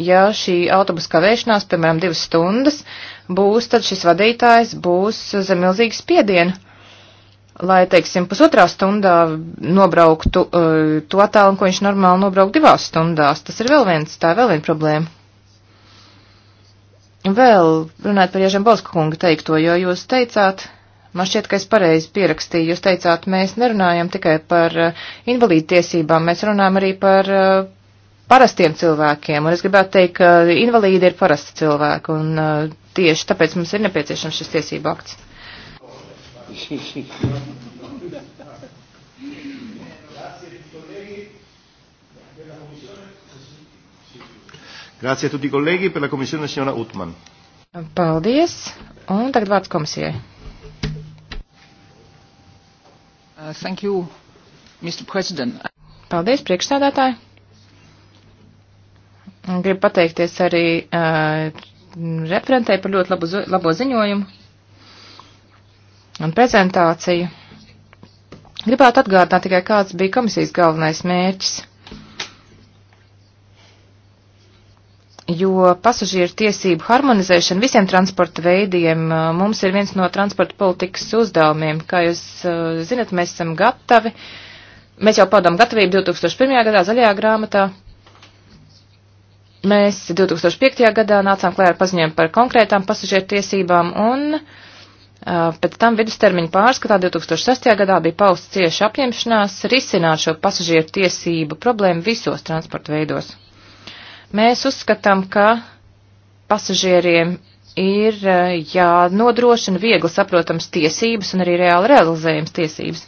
ja šī autobusa kavēšanās, piemēram, divas stundas būs, tad šis vadītājs būs zem milzīgu spiedienu, lai, teiksim, pusotrā stundā nobrauktu uh, to attālumu, ko viņš normāli nobraukt divās stundās. Tas ir vēl viens, tā ir vēl viena problēma. Vēl runājot par Iežem Balska kunga teikto, jo jūs teicāt, man šķiet, ka es pareizi pierakstīju, jūs teicāt, mēs nerunājam tikai par uh, eh, invalīdu tiesībām, mēs runājam arī par uh, parastiem cilvēkiem, un es gribētu teikt, ka invalīdi ir parasti cilvēki, un uh, tieši tāpēc mums ir nepieciešams šis tiesību akts. Grazie a tutti i colleghi per la commissione signora Utman. Paldies. Un tagad vārds komisijai. Uh, thank you, Mr. President. Paldies, priekšstādātāji. Gribu pateikties arī uh, referentei par ļoti labu, labo ziņojumu un prezentāciju. Gribētu atgādināt tikai, kāds bija komisijas galvenais mērķis. Jo pasažieru tiesību harmonizēšana visiem transporta veidiem eh, mums ir viens no transporta politikas uzdevumiem. Kā jūs eh, zinat, mēs esam gatavi. Mēs jau paudām gatavību 2001. gadā zaļajā grāmatā Mēs 2005. gadā nācām klājā ar paziņojumu par konkrētām pasažieru tiesībām un uh, pēc tam vidustermiņa pārskatā 2006. gadā bija pausta cieša apņemšanās risināt šo pasažieru tiesību problēmu visos transporta veidos. Mēs uzskatām, ka pasažieriem ir uh, jānodrošina viegli saprotams tiesības un arī reāli realizējams tiesības.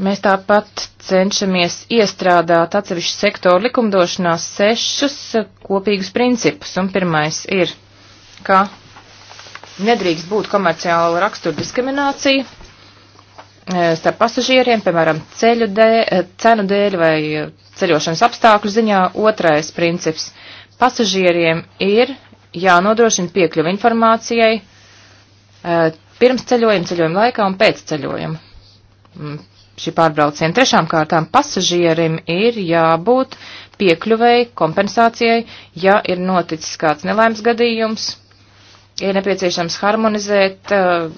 Mēs tāpat cenšamies iestrādāt atsevišķu sektoru likumdošanā sešus kopīgus principus, un pirmais ir, ka nedrīkst būt komerciāla rakstura diskriminācija e, starp pasažieriem, piemēram, ceļu dēļ, e, cenu dēļ vai ceļošanas apstākļu ziņā. Otrais princips - pasažieriem ir jānodrošina piekļuva informācijai e, pirms ceļojuma, ceļojuma laikā un pēc ceļojuma mm, šī pārbrauciena. Trešām kārtām pasažierim ir jābūt piekļuvēji kompensācijai, ja ir noticis kāds nelaimes gadījums, ir nepieciešams harmonizēt uh,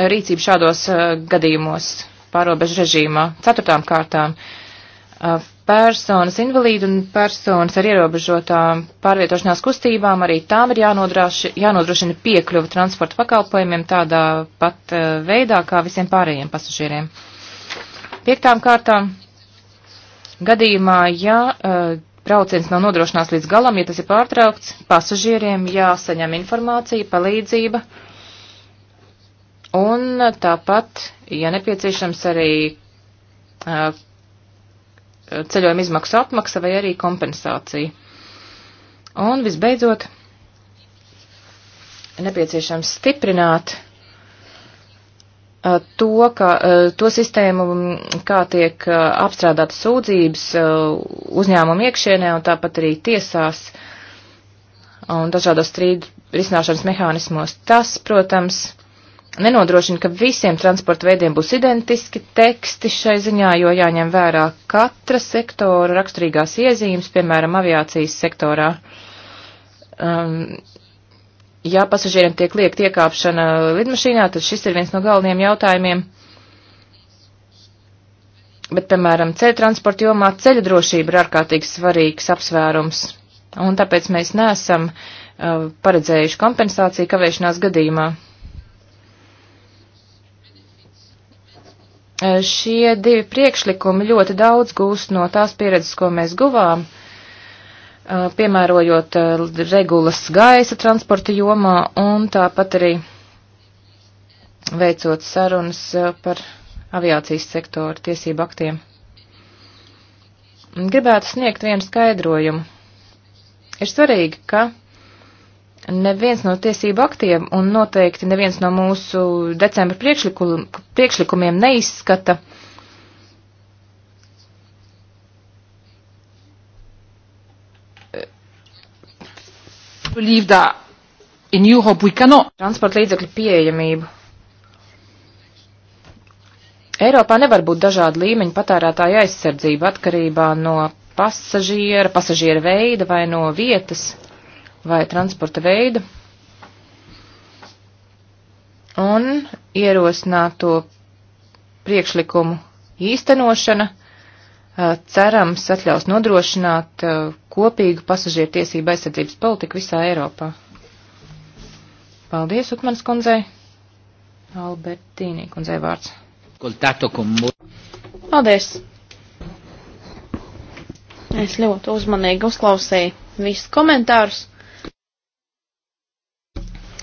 rīcību šādos uh, gadījumos pārobežu režīmā. Ceturtām kārtām uh, personas invalīdu un personas ar ierobežotām pārvietošanās kustībām, arī tām ir jānodrošina piekļuva transporta pakalpojumiem tādā pat eh, veidā kā visiem pārējiem pasažieriem. Piektām kārtām gadījumā, ja uh, brauciens nav nodrošināts līdz galam, ja tas ir pārtraukts, pasažieriem jāsaņem informācija, palīdzība. Un eh, tāpat, ja nepieciešams, arī uh, ceļojuma izmaksu atmaksa vai arī kompensācija. Un visbeidzot, nepieciešams stiprināt uh, to, ka, uh, to sistēmu, um, kā tiek uh, apstrādātas sūdzības uzņēmumu iekšienē un tāpat arī tiesās un dažādos strīdu risināšanas mehānismos. Tas, protams, nenodrošina, ka visiem transporta veidiem būs identiski teksti šai ziņā, jo jāņem vērā katra sektora raksturīgās iezīmes, piemēram, aviācijas sektorā. Um, ja pasažieriem tiek liekt iekāpšana lidmašīnā, tad šis ir viens no galvenajiem jautājumiem. Bet, piemēram, ceļu transporta jomā ceļu drošība ir ārkārtīgi svarīgs apsvērums, un tāpēc mēs neesam uh, paredzējuši kompensāciju kavēšanās gadījumā. Eh, šie divi priekšlikumi ļoti daudz gūst no tās pieredzes, ko mēs guvām, eh, piemērojot eh, regulas gaisa transporta jomā un tāpat arī veicot sarunas par aviācijas sektoru tiesību aktiem. Gribētu sniegt vienu skaidrojumu. Ir svarīgi, ka neviens no tiesību aktiem un noteikti neviens no mūsu decembra priekšlikum, priekšlikumiem neizskata transporta līdzekļu pieejamību. Eiropā nevar būt dažādi līmeņi patērētāja aizsardzība atkarībā no pasažiera, pasažiera veida vai no vietas, vai transporta veidu un ierosināto priekšlikumu īstenošana cerams atļaus nodrošināt kopīgu pasažieru tiesību aizsardzības politiku visā Eiropā. Paldies, Utmanas kundzei. Albertīnī kundzei vārds. Paldies. Es ļoti uzmanīgi uzklausīju visus komentārus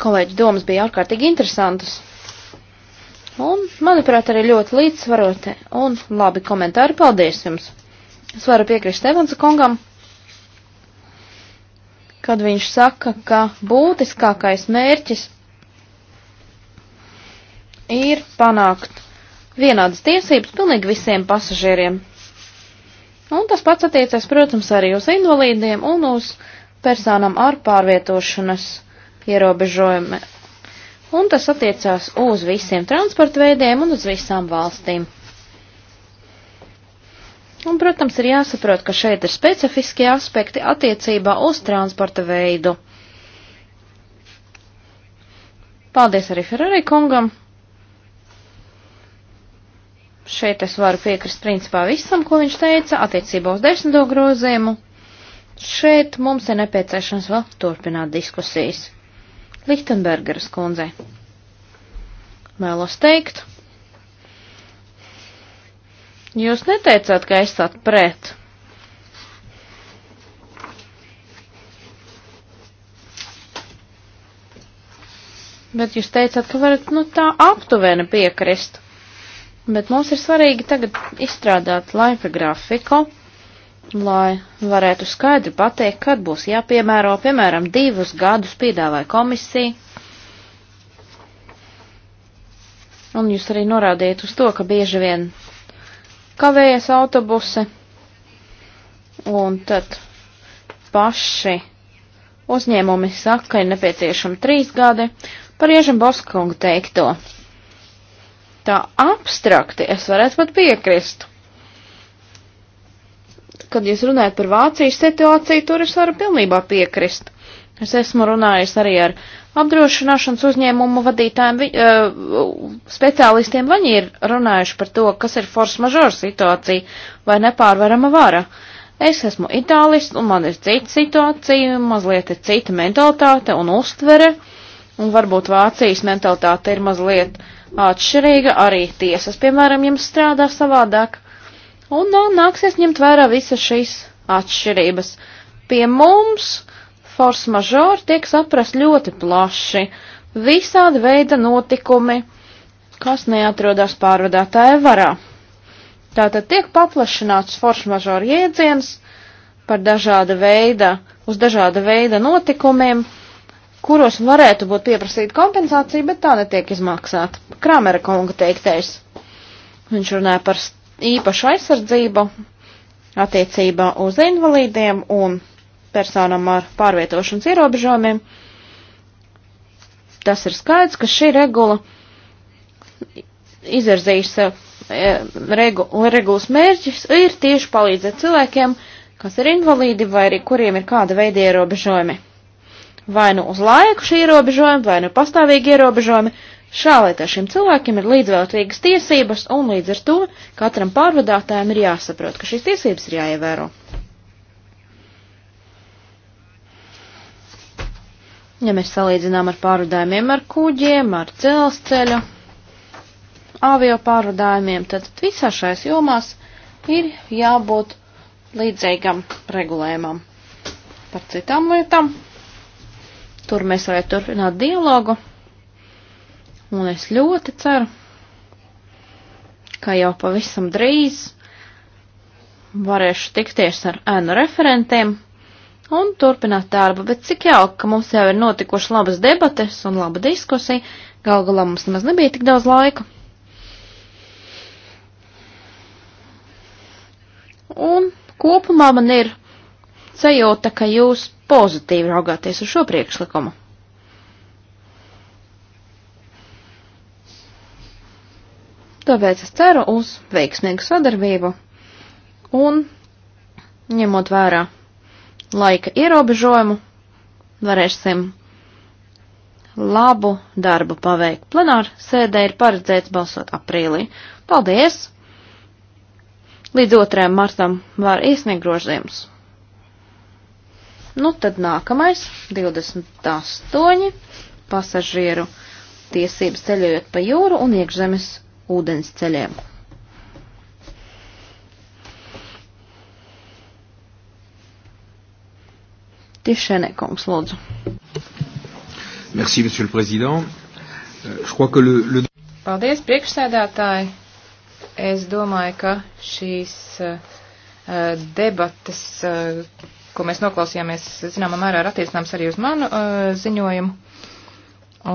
kolēģi domas bija ārkārtīgi interesantas. Un, manuprāt, arī ļoti līdzsvaroti un labi komentāri. Paldies jums! Es varu piekrist Evansa kungam, kad viņš saka, ka būtiskākais mērķis ir panākt vienādas tiesības pilnīgi visiem pasažieriem. Un tas pats attiecas, protams, arī uz invalīdiem un uz personām ar pārvietošanas ierobežojumi. Un tas attiecās uz visiem transporta veidiem un uz visām valstīm. Un, protams, ir jāsaprot, ka šeit ir specifiskie aspekti attiecībā uz transporta veidu. Paldies arī Ferrari kungam. Šeit es varu piekrist principā visam, ko viņš teica attiecībā uz desmito grozījumu. Šeit mums ir nepieciešams vēl turpināt diskusijas. Lichtenbergeras kundzei. Vēlos teikt, jūs neteicāt, ka esat pret. Bet jūs teicāt, ka varat, nu, tā aptuveni piekrist. Bet mums ir svarīgi tagad izstrādāt laika grafiku, lai varētu skaidri pateikt, kad būs jāpiemēro, piemēram, divus gadus piedāvāja komisija. Un jūs arī norādījat uz to, ka bieži vien kavējas autobusi un tad paši uzņēmumi saka, ka ir nepieciešami trīs gadi par iežam Boskungu teikto. Tā abstrakti es varētu pat piekrist kad jūs runājat par Vācijas situāciju, tur es varu pilnībā piekrist. Es esmu runājis arī ar apdrošināšanas uzņēmumu vadītājiem, vi, uh, speciālistiem, viņi ir runājuši par to, kas ir force majeure situācija vai nepārvarama vara. Es esmu itālis, un man ir cita situācija, mazliet ir cita mentalitāte un uztvere, un varbūt Vācijas mentalitāte ir mazliet atšķirīga, arī tiesas, piemēram, jums strādā savādāk. Un nā, nu, nāksies ņemt vērā visas šīs atšķirības. Pie mums force majeure tiek saprast ļoti plaši. Visādi veida notikumi, kas neatrodas pārvadātāja varā. Tātad tiek paplašināts force majeure jēdziens par dažāda veida, uz dažāda veida notikumiem, kuros varētu būt pieprasīta kompensācija, bet tā netiek izmaksāta. Kramera kunga teiktais. Viņš runāja par īpašu aizsardzību attiecībā uz invalīdiem un personam ar pārvietošanas ierobežojumiem. Tas ir skaidrs, ka šī regula izirzīs e, regu, regulas mērķis ir tieši palīdzēt cilvēkiem, kas ir invalīdi vai arī kuriem ir kāda veida ierobežojumi. Vai nu uz laiku šī ierobežojuma, vai nu pastāvīgi ierobežojumi, Šā lietā šiem cilvēkiem ir līdzvērtīgas tiesības, un līdz ar to katram pārvadātājam ir jāsaprot, ka šīs tiesības ir jāievēro. Ja mēs salīdzinām ar pārvadājumiem ar kuģiem, ar dzelzceļu, avio pārvadājumiem, tad visā šais jomās ir jābūt līdzīgam regulējumam. Par citām lietām, tur mēs varētu turpināt dialogu. Un es ļoti ceru, ka jau pavisam drīz varēšu tikties ar ēnu referentiem un turpināt darbu, bet cik jauki, ka mums jau ir notikuši labas debates un laba diskusija, gal galā mums nemaz nebija tik daudz laika. Un kopumā man ir sajūta, ka jūs pozitīvi raugāties uz šo priekšlikumu. Tāpēc es ceru uz veiksmīgu sadarbību un, ņemot vērā laika ierobežojumu, varēsim labu darbu paveikt. Plenāra sēdē ir paredzēts balsot aprīlī. Paldies! Līdz 2. martam var iesniegt grozījumus. Nu, tad nākamais, 28 pasažieru tiesības ceļojot pa jūru un iekšzemes ūdens ceļiem. Tiešenē, kungs, lūdzu. Merci, monsieur le président. Euh, je crois que le, le... Paldies, priekšsēdētāji. Es domāju, ka šīs uh, debatas, uh, ko mēs noklausījāmies, zināmā mērā ir attiecināms arī uz manu uh, ziņojumu.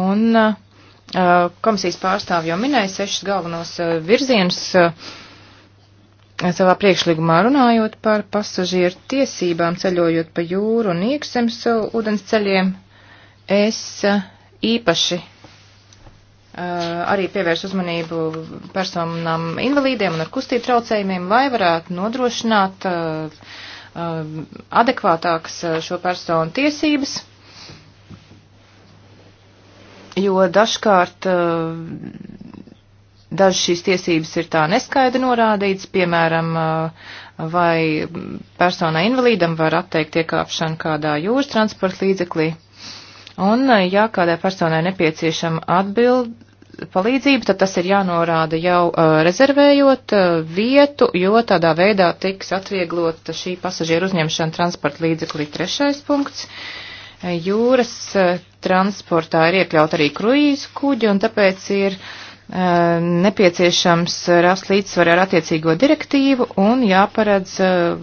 Un uh, Eh, komisijas pārstāvja jau minēja sešas galvenos eh, virzienus eh, savā priekšlikumā runājot par pasažieru tiesībām ceļojot pa jūru un iekšzemes ūdens ceļiem. Es īpaši arī pievēršu uzmanību personām invalīdiem un ar kustību traucējumiem, lai varētu nodrošināt adekvātākas šo personu tiesības jo dažkārt eh, dažas šīs tiesības ir tā neskaidri norādītas, piemēram, eh, vai personā invalīdam var atteikt iekāpšanu kādā jūras transporta līdzeklī. Un, eh, ja kādai personai nepieciešama atbild, palīdzība, tad tas ir jānorāda jau uh, rezervējot uh, vietu, jo tādā veidā tiks atvieglota šī pasažieru uzņemšana transporta līdzeklī. Trešais punkts. Uh, Jūras eh, transportā ir iekļaut arī kruīzu kuģi, un tāpēc ir eh, nepieciešams rast līdzsvaru ar attiecīgo direktīvu un jāparedz eh,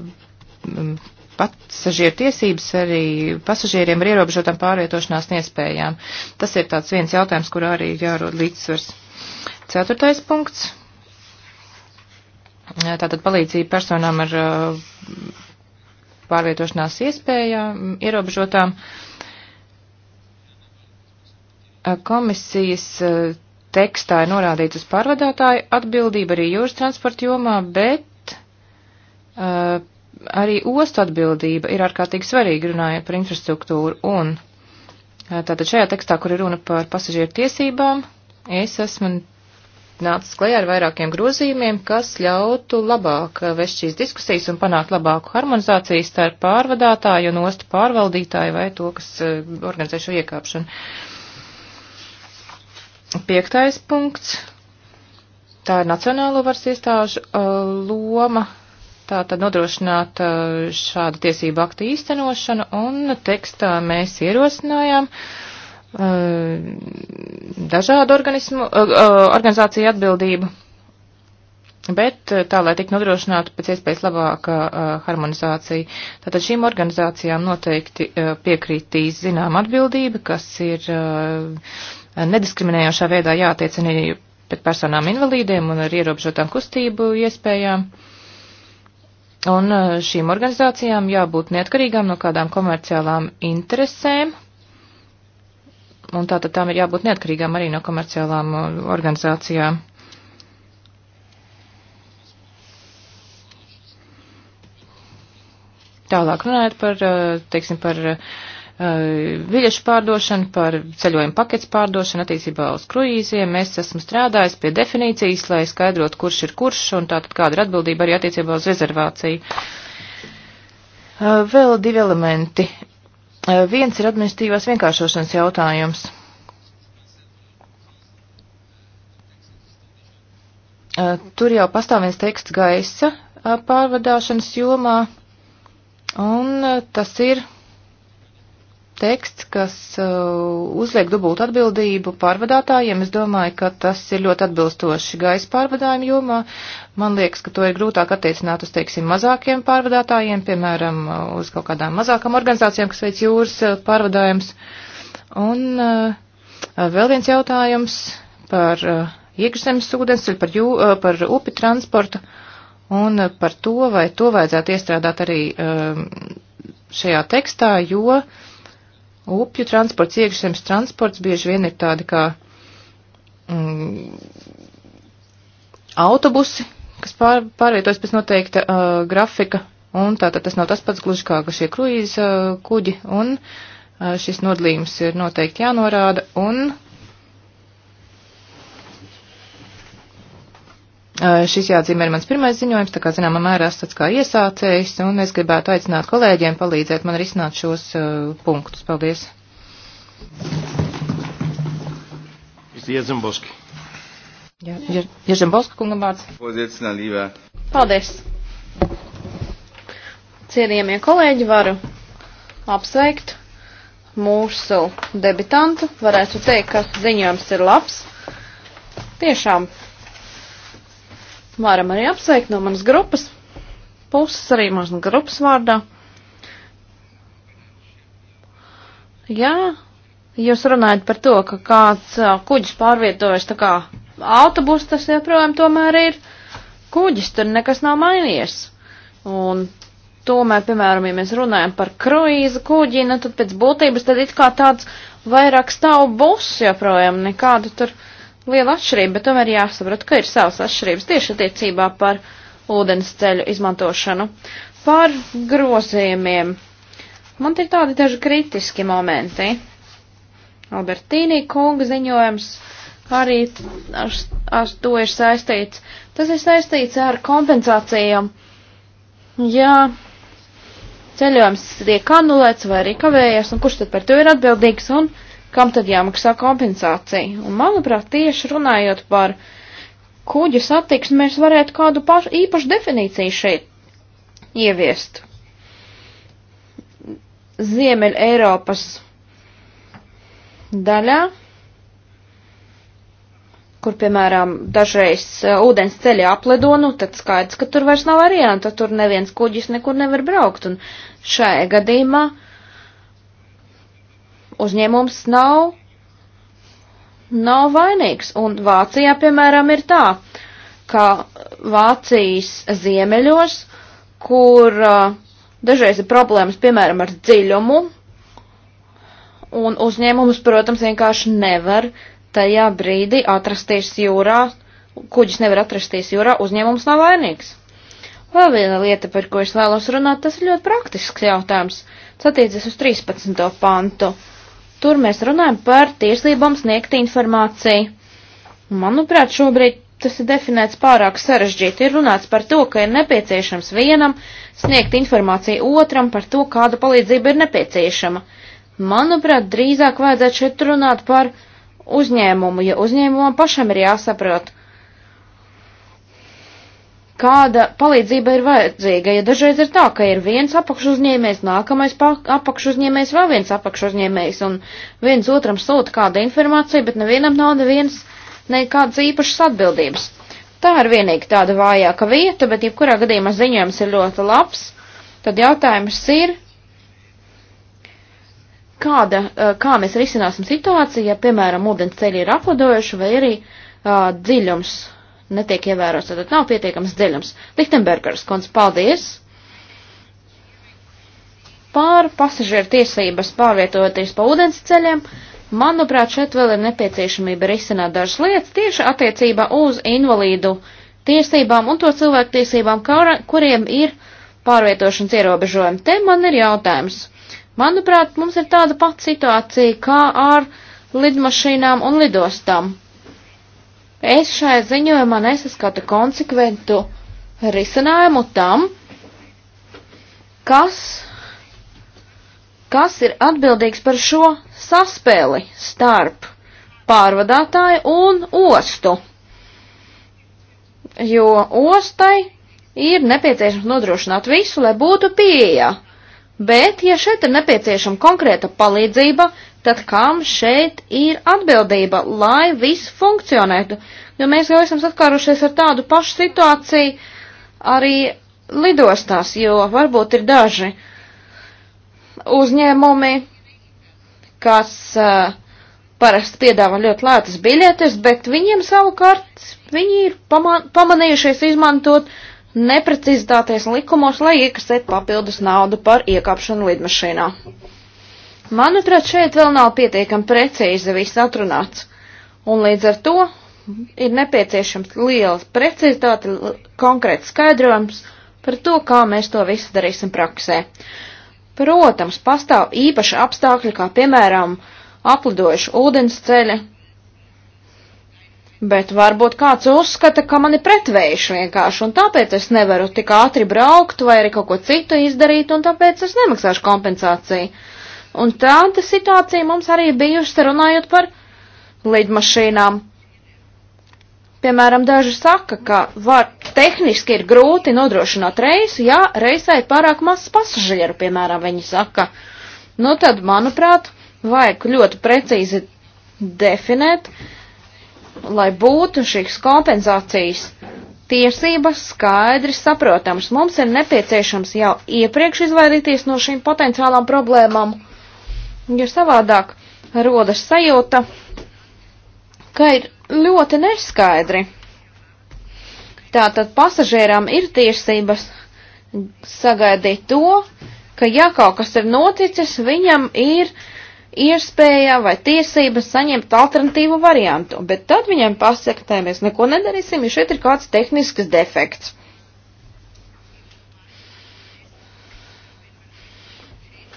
pasažieru tiesības arī pasažieriem ar ierobežotām pārvietošanās iespējām. Tas ir tāds viens jautājums, kurā arī jārod līdzsvars. Ceturtais punkts. Tātad palīdzība personām ar pārvietošanās iespējām ierobežotām. Uh, Komisijas tekstā ir norādīts uz pārvadātāju atbildību arī jūras transporta jomā, bet uh, arī ostu atbildība ir ārkārtīgi svarīga runājot par infrastruktūru. Un uh, tātad šajā tekstā, kur ir runa par pasažieru tiesībām, es esmu nācis klajā ar vairākiem grozījumiem, kas ļautu labāk vest šīs diskusijas un panākt labāku harmonizāciju starp pārvadātāju un ostu pārvaldītāju vai to, kas uh, organizē šo iekāpšanu. Piektais punkts. Tā ir nacionālo varas iestāžu uh, loma. Tā tad nodrošināt uh, šādu tiesību aktu īstenošanu un tekstā mēs ierosinājām uh, dažādu organismu, organizāciju atbildību. Bet tā, lai tik nodrošinātu pēc iespējas labāka harmonizācija, tātad šīm organizācijām noteikti piekrītīs zinām atbildība, kas ir uh, nediskriminējošā veidā jātiecina arī pret personām invalīdiem un ar ierobežotām kustību iespējām. Un e, šīm organizācijām jābūt neatkarīgām no kādām komerciālām interesēm. Un tātad tām ir jābūt neatkarīgām arī no komerciālām e, organizācijām. Tālāk runājot par, e, teiksim, par uh, Eh, viļešu pārdošanu, par ceļojumu paketes pārdošanu attiecībā uz kruīziem. Es esmu strādājis pie definīcijas, lai skaidrot, kurš ir kurš un tātad kāda ir atbildība arī attiecībā uz rezervāciju. Eh, vēl divi elementi. Eh, viens ir administratīvās vienkāršošanas jautājums. Tur jau pastāv viens teksts gaisa pārvadāšanas jomā, un tas ir teksts, kas uh, uzliek dubultu atbildību pārvadātājiem. Es domāju, ka tas ir ļoti atbilstoši gaisa pārvadājumu jomā. Man liekas, ka to ir grūtāk attiecināt uz, teiksim, mazākiem pārvadātājiem, piemēram, uh, uz kaut kādām mazākām organizācijām, kas veic jūras uh, pārvadājums. Un vēl viens jautājums par iekšzemes ūdens, par, jū, par upi transportu un par to, vai to vajadzētu iestrādāt arī um, šajā tekstā, jo uh, Upju transports, iekšzemes transports bieži vien ir tādi kā mm, autobusi, kas pār, pārvietojas pēc noteikta uh, grafika, un tātad tas nav tas pats gluži kā šie kruīza uh, kuģi, un uh, šis nodalījums ir noteikti jānorāda, un Eh, šis jāatzīmē ir mans pirmais ziņojums, tā kā zināmā mērā esmu tāds kā iesācējs, un es gribētu aicināt kolēģiem palīdzēt man risināt šos uh, punktus. Paldies! Iedzemboski. Jā, Iedzemboski kungam vārds. Paldies! Cienījamie kolēģi, varu apsveikt mūsu debitantu. Varētu teikt, ka ziņojums ir labs. Tiešām Varam arī apsveikt no manas grupas puses, arī manas grupas vārdā. Jā, jūs runājat par to, ka kāds kuģis pārvietojas tā kā autobus, tas joprojām tomēr ir kuģis, tur nekas nav mainījies. Un tomēr, piemēram, ja mēs runājam par kruīza kuģi, nu tad pēc būtības tad it kā tāds vairāk stāv bus joprojām, nekādu tur. Uh, liela atšķirība, bet tomēr jāsaprot, ka ir savas atšķirības tieši attiecībā par ūdens ceļu izmantošanu. Par grozījumiem. Man ir tādi daži kritiski momenti. Albertīnī kunga ziņojums arī ar, ar to ir saistīts. Tas ir saistīts ar kompensācijām. Jā, ceļojums tiek anulēts vai arī kavējies, un kurš tad par to ir atbildīgs? Un kam tad jāmaksā kompensācija. Un, manuprāt, tieši runājot par kuģu satiksmi, mēs varētu kādu pašu, īpašu definīciju šeit ieviest. Ziemeļ Eiropas daļā, kur, piemēram, dažreiz uh, ūdens ceļi apledo, nu, tad skaidrs, ka tur vairs nav varianta, tur neviens kuģis nekur nevar braukt, un šajā gadījumā uh, uzņēmums nav, nav vainīgs. Un Vācijā, piemēram, ir tā, ka Vācijas ziemeļos, kur uh, dažreiz ir problēmas, piemēram, ar dziļumu, un uzņēmums, protams, vienkārši nevar tajā brīdī atrasties jūrā, kuģis nevar atrasties jūrā, uzņēmums nav vainīgs. Vēl viena lieta, par ko es vēlos runāt, tas ir ļoti praktisks jautājums. Tas attiecas uz 13. pantu. Uh, Tur mēs runājam par tiesībām sniegt informāciju. Manuprāt, šobrīd tas ir definēts pārāk sarežģīti. Ir runāts par to, ka ir nepieciešams vienam sniegt informāciju otram par to, kāda palīdzība ir nepieciešama. Manuprāt, drīzāk vajadzētu šeit runāt par uzņēmumu, ja uzņēmumam pašam ir jāsaprot, kāda palīdzība ir vajadzīga, ja dažreiz ir tā, ka ir viens apakšuzņēmējs, nākamais apakšuzņēmējs, vēl viens apakšuzņēmējs, un viens otram sūta kāda informācija, bet nevienam nav neviens nekādas īpašas atbildības. Tā ir vienīgi tāda vājāka vieta, bet jebkurā gadījumā ziņojums ir ļoti labs. Tad jautājums ir, kāda, eh, kā mēs risināsim situāciju, ja, piemēram, ūdens ceļi ir apladojuši vai arī uh, dziļums netiek ievērots, tad nav pietiekams dziļums. Lichtenbergers, kundz, paldies! Pār pasažieru tiesības pārvietoties pa ūdens ceļiem, manuprāt, šeit vēl ir nepieciešamība risināt dažas lietas tieši attiecībā uz invalīdu tiesībām un to cilvēku tiesībām, kuriem ir pārvietošanas ierobežojumi. Te man ir jautājums. Manuprāt, mums ir tāda pati situācija kā ar lidmašīnām un lidostām. Es šajā ziņojumā nesaskatu konsekventu risinājumu tam, kas, kas ir atbildīgs par šo saspēli starp pārvadātāju un ostu. Jo ostai ir nepieciešams nodrošināt visu, lai būtu pieeja. Bet, ja šeit ir nepieciešama konkrēta palīdzība, tad kam šeit ir atbildība, lai viss funkcionētu? Jo mēs jau esam satkārušies ar tādu pašu situāciju arī lidostās, jo varbūt ir daži uzņēmumi, kas uh, parasti piedāvā ļoti lētas biļetes, bet viņiem savukārt viņi ir paman pamanījušies izmantot neprecizitāties likumos, lai iekasētu papildus naudu par iekāpšanu lidmašīnā. Manuprāt, šeit vēl nav pietiekami precīzi viss atrunāts, un līdz ar to ir nepieciešams liels precizitāte, konkrēts skaidrojums par to, kā mēs to visu darīsim praksē. Protams, pastāv īpaši apstākļi, kā piemēram aplidojuši ūdens ceļi, bet varbūt kāds uzskata, ka mani pretvējuši vienkārši, un tāpēc es nevaru tik ātri braukt vai arī kaut ko citu izdarīt, un tāpēc es nemaksāšu kompensāciju. Un tāda situācija mums arī bijuši runājot par lidmašīnām. Piemēram, daži saka, ka var tehniski ir grūti nodrošināt reisu, ja reisē ir pārāk maz pasažieru, piemēram, viņi saka. Nu tad, manuprāt, vajag ļoti precīzi definēt, lai būtu šīs kompensācijas tiesības skaidri saprotams. Mums ir nepieciešams jau iepriekš izvairīties no šīm potenciālām problēmām jo savādāk rodas sajūta, ka ir ļoti neskaidri. Tātad pasažierām ir tiesības sagaidīt to, ka ja kaut kas ir noticis, viņam ir iespēja vai tiesības saņemt alternatīvu variantu, bet tad viņam pasaka, tā mēs neko nedarīsim, ja šeit ir kāds tehnisks defekts.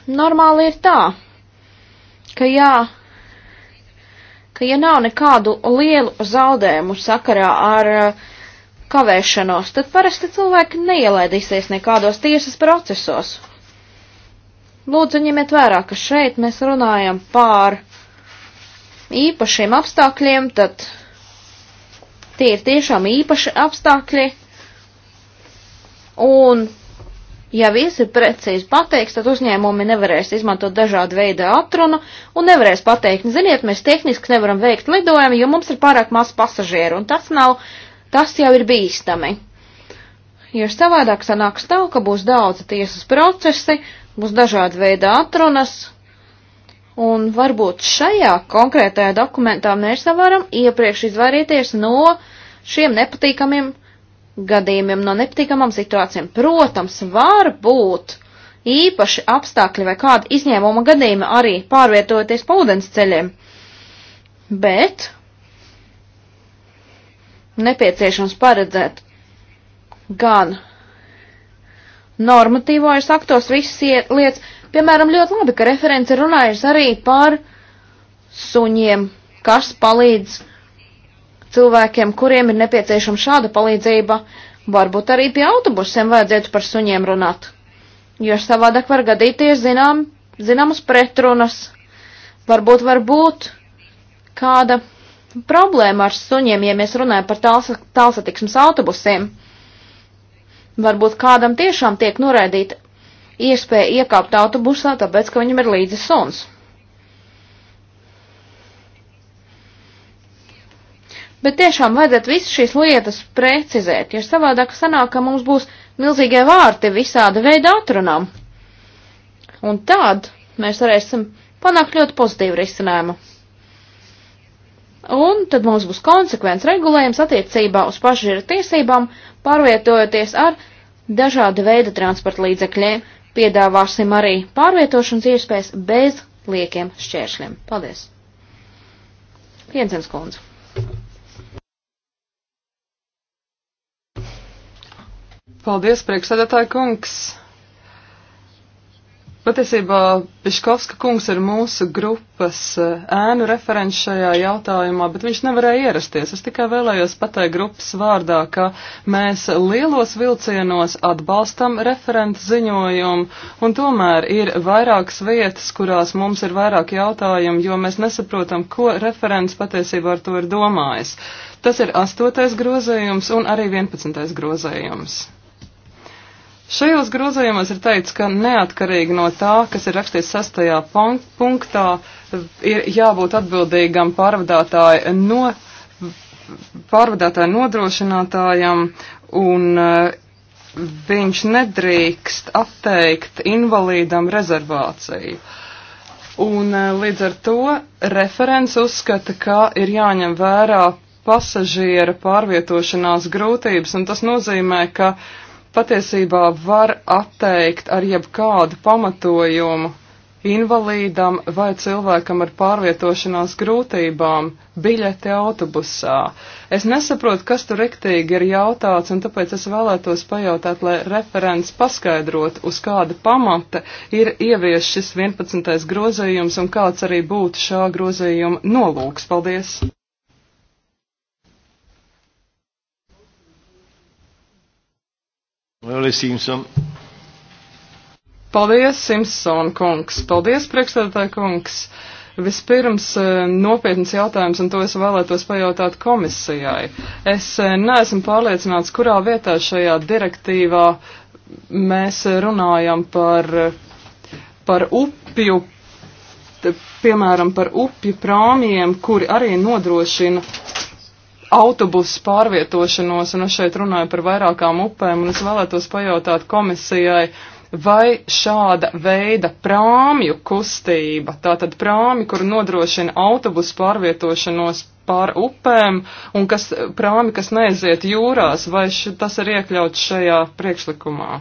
Normāli ir tā, ka jā, ka ja nav nekādu lielu zaudējumu sakarā ar eh, kavēšanos, tad parasti cilvēki neielaidīsies nekādos tiesas procesos. Lūdzu, ņemiet vērā, ka šeit mēs runājam pār īpašiem apstākļiem, tad tie ir tiešām īpaši apstākļi, un Ja visi precīzi pateiks, tad uzņēmumi nevarēs izmantot dažādu veidu atrunu un nevarēs pateikt, ziniet, mēs tehniski nevaram veikt lidojumu, jo mums ir pārāk maz pasažieru, un tas nav, tas jau ir bīstami. Jo savādāk sanāks tā, ka būs daudzi tiesas procesi, būs dažādi veidi atrunas, un varbūt šajā konkrētajā dokumentā mēs varam iepriekš izvairīties no šiem nepatīkamiem gadījumiem, no nepatīkamām situācijām. Protams, var būt īpaši apstākļi vai kāda izņēmuma gadījuma arī pārvietojoties pa ūdens ceļiem, bet nepieciešams paredzēt gan normatīvojas aktos visas lietas, piemēram, ļoti labi, ka referents ir runājis arī par suņiem, kas palīdz cilvēkiem, kuriem ir nepieciešama šāda palīdzība, varbūt arī pie autobusiem vajadzētu par suņiem runāt, jo savādāk var gadīties zinām, zināmas pretrunas, varbūt var būt kāda problēma ar suņiem, ja mēs runājam par tālsatiksmes autobusiem. Varbūt kādam tiešām tiek noraidīta iespēja iekāpt autobusā, tāpēc, ka viņam ir līdzi suns. bet tiešām vajadzētu visu šīs lietas precizēt, jo savādāk sanāk, ka mums būs milzīgie vārti visāda veida atrunām. Un tad mēs varēsim panākt ļoti pozitīvu risinājumu. Un tad mums būs konsekvents regulējums attiecībā uz pasažieru tiesībām, pārvietojoties ar dažādu veidu transporta līdzekļiem. Piedāvāsim arī pārvietošanas iespējas bez liekiem šķēršļiem. Paldies! Jensens kundze. Paldies, priekšsēdētāji kungs! Patiesībā Piškovska kungs ir mūsu grupas eh, ēnu referents šajā jautājumā, bet viņš nevarēja ierasties. Es tikai vēlējos pateikt grupas vārdā, ka mēs lielos vilcienos atbalstam referentu ziņojumu, un tomēr ir vairākas vietas, kurās mums ir vairāk jautājumu, jo mēs nesaprotam, ko referents patiesībā ar to ir domājis. Tas ir astotais grozējums un arī vienpadsmitais grozējums. Šajos grozījumos ir teikts, ka neatkarīgi no tā, kas ir rakstīts sastajā punktā, ir jābūt atbildīgam pārvadātāju no pārvadātāja nodrošinātājam un eh, viņš nedrīkst atteikt invalīdam rezervāciju. Un eh, līdz ar to referents uzskata, ka ir jāņem vērā pasažiera pārvietošanās grūtības, un tas nozīmē, ka uh, patiesībā var atteikt ar jebkādu pamatojumu invalīdam vai cilvēkam ar pārvietošanās grūtībām biļeti autobusā. Es nesaprotu, kas tur rektīgi ir jautāts, un tāpēc es vēlētos pajautāt, lai referents paskaidrot, uz kāda pamata ir ievies šis 11. grozījums un kāds arī būtu šā grozījuma nolūks. Paldies! Simpson. Paldies, Simpson kungs. Paldies, priekšstādātāja kungs. Vispirms eh, nopietns jautājums, un to es vēlētos pajautāt komisijai. Es eh, neesmu pārliecināts, kurā vietā šajā direktīvā mēs runājam par, par upju, piemēram, par upju prāmjiem, kuri arī nodrošina autobusu pārvietošanos, un es šeit runāju par vairākām upēm, un es vēlētos pajautāt komisijai, vai šāda veida prāmju kustība, tātad prāmi, kur nodrošina autobusu pārvietošanos pār upēm, un kas, prāmi, kas neaiziet jūrās, vai š, tas ir iekļauts šajā priekšlikumā.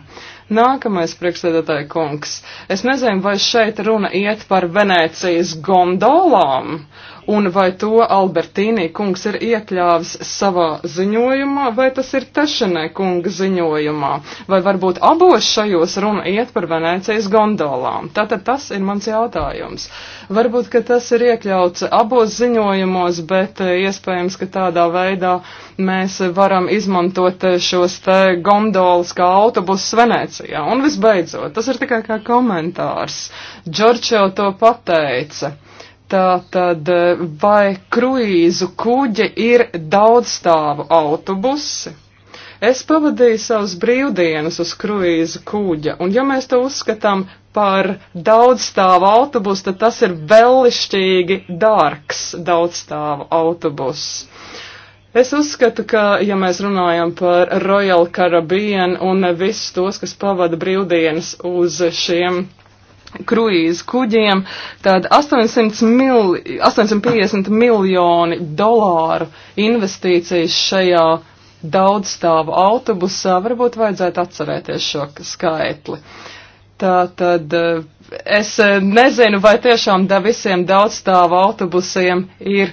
Nākamais priekšsēdētāja kungs. Es nezinu, vai šeit runa iet par Venēcijas gondolām un vai to Albertīnī kungs ir iekļāvis savā ziņojumā, vai tas ir Tešanē kunga ziņojumā, vai varbūt abos šajos runa iet par Venēcijas gondolām. Tātad tas ir mans jautājums. Varbūt, ka tas ir iekļauts abos ziņojumos, bet eh, iespējams, ka tādā veidā mēs varam izmantot eh, šos te gondolas kā autobusus Venēcijā. Un visbeidzot, tas ir tikai kā komentārs. Džordžs jau to pateica. Tātad vai kruīzu kuģi ir daudzstāvu autobusi? Es pavadīju savus brīvdienas uz kruīzu kuģa, un ja mēs to uzskatām par daudzstāvu autobusu, tad tas ir vellišķīgi dārgs daudzstāvu autobusu. Es uzskatu, ka, ja mēs runājam par Royal Caribbean un visus tos, kas pavada brīvdienas uz šiem kruīzu kuģiem, tad 800 mil, 850 miljoni dolāru investīcijas šajā daudzstāvu autobusā, varbūt vajadzētu atcerēties šo skaitli. Tā tad eh, es eh, nezinu, vai tiešām da visiem daudzstāvu autobusiem ir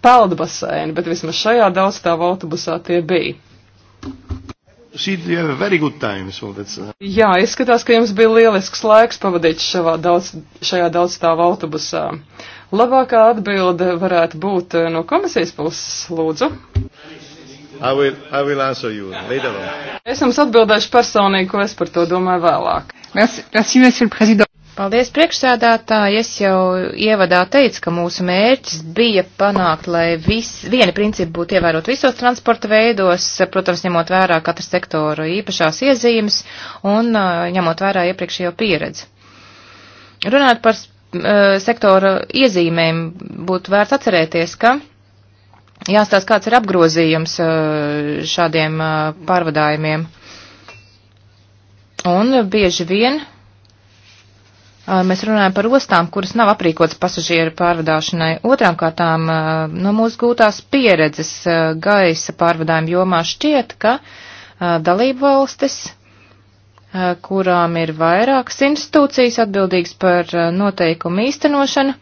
peldbaseini, bet vismaz šajā daudzstāvu autobusā tie bija. Time, so uh... Jā, izskatās, ka jums bija lielisks laiks pavadīt daudz, šajā daudzstāvu autobusā. Labākā atbilde varētu būt uh, no komisijas puses, lūdzu. I will, I will es jums atbildēšu personīgi, ko es par to domāju vēlāk. Merci, merci, Paldies priekšsēdētāji. Es jau ievadā teicu, ka mūsu mērķis bija panākt, lai vis, vieni principi būtu ievērot visos transporta veidos, protams, ņemot vērā katra sektora īpašās iezīmes un ņemot vērā iepriekšējo pieredzi. Runājot par sektora iezīmēm, būtu vērts atcerēties, ka jāstāsta, kāds ir apgrozījums šādiem pārvadājumiem. Un bieži vien Mēs runājam par ostām, kuras nav aprīkotas pasažieru pārvadāšanai. Otrām kārtām no mūsu gūtās pieredzes gaisa pārvadājuma jomā šķiet, ka dalību valstis, kurām ir vairākas institūcijas atbildīgas par noteikumu īstenošanu,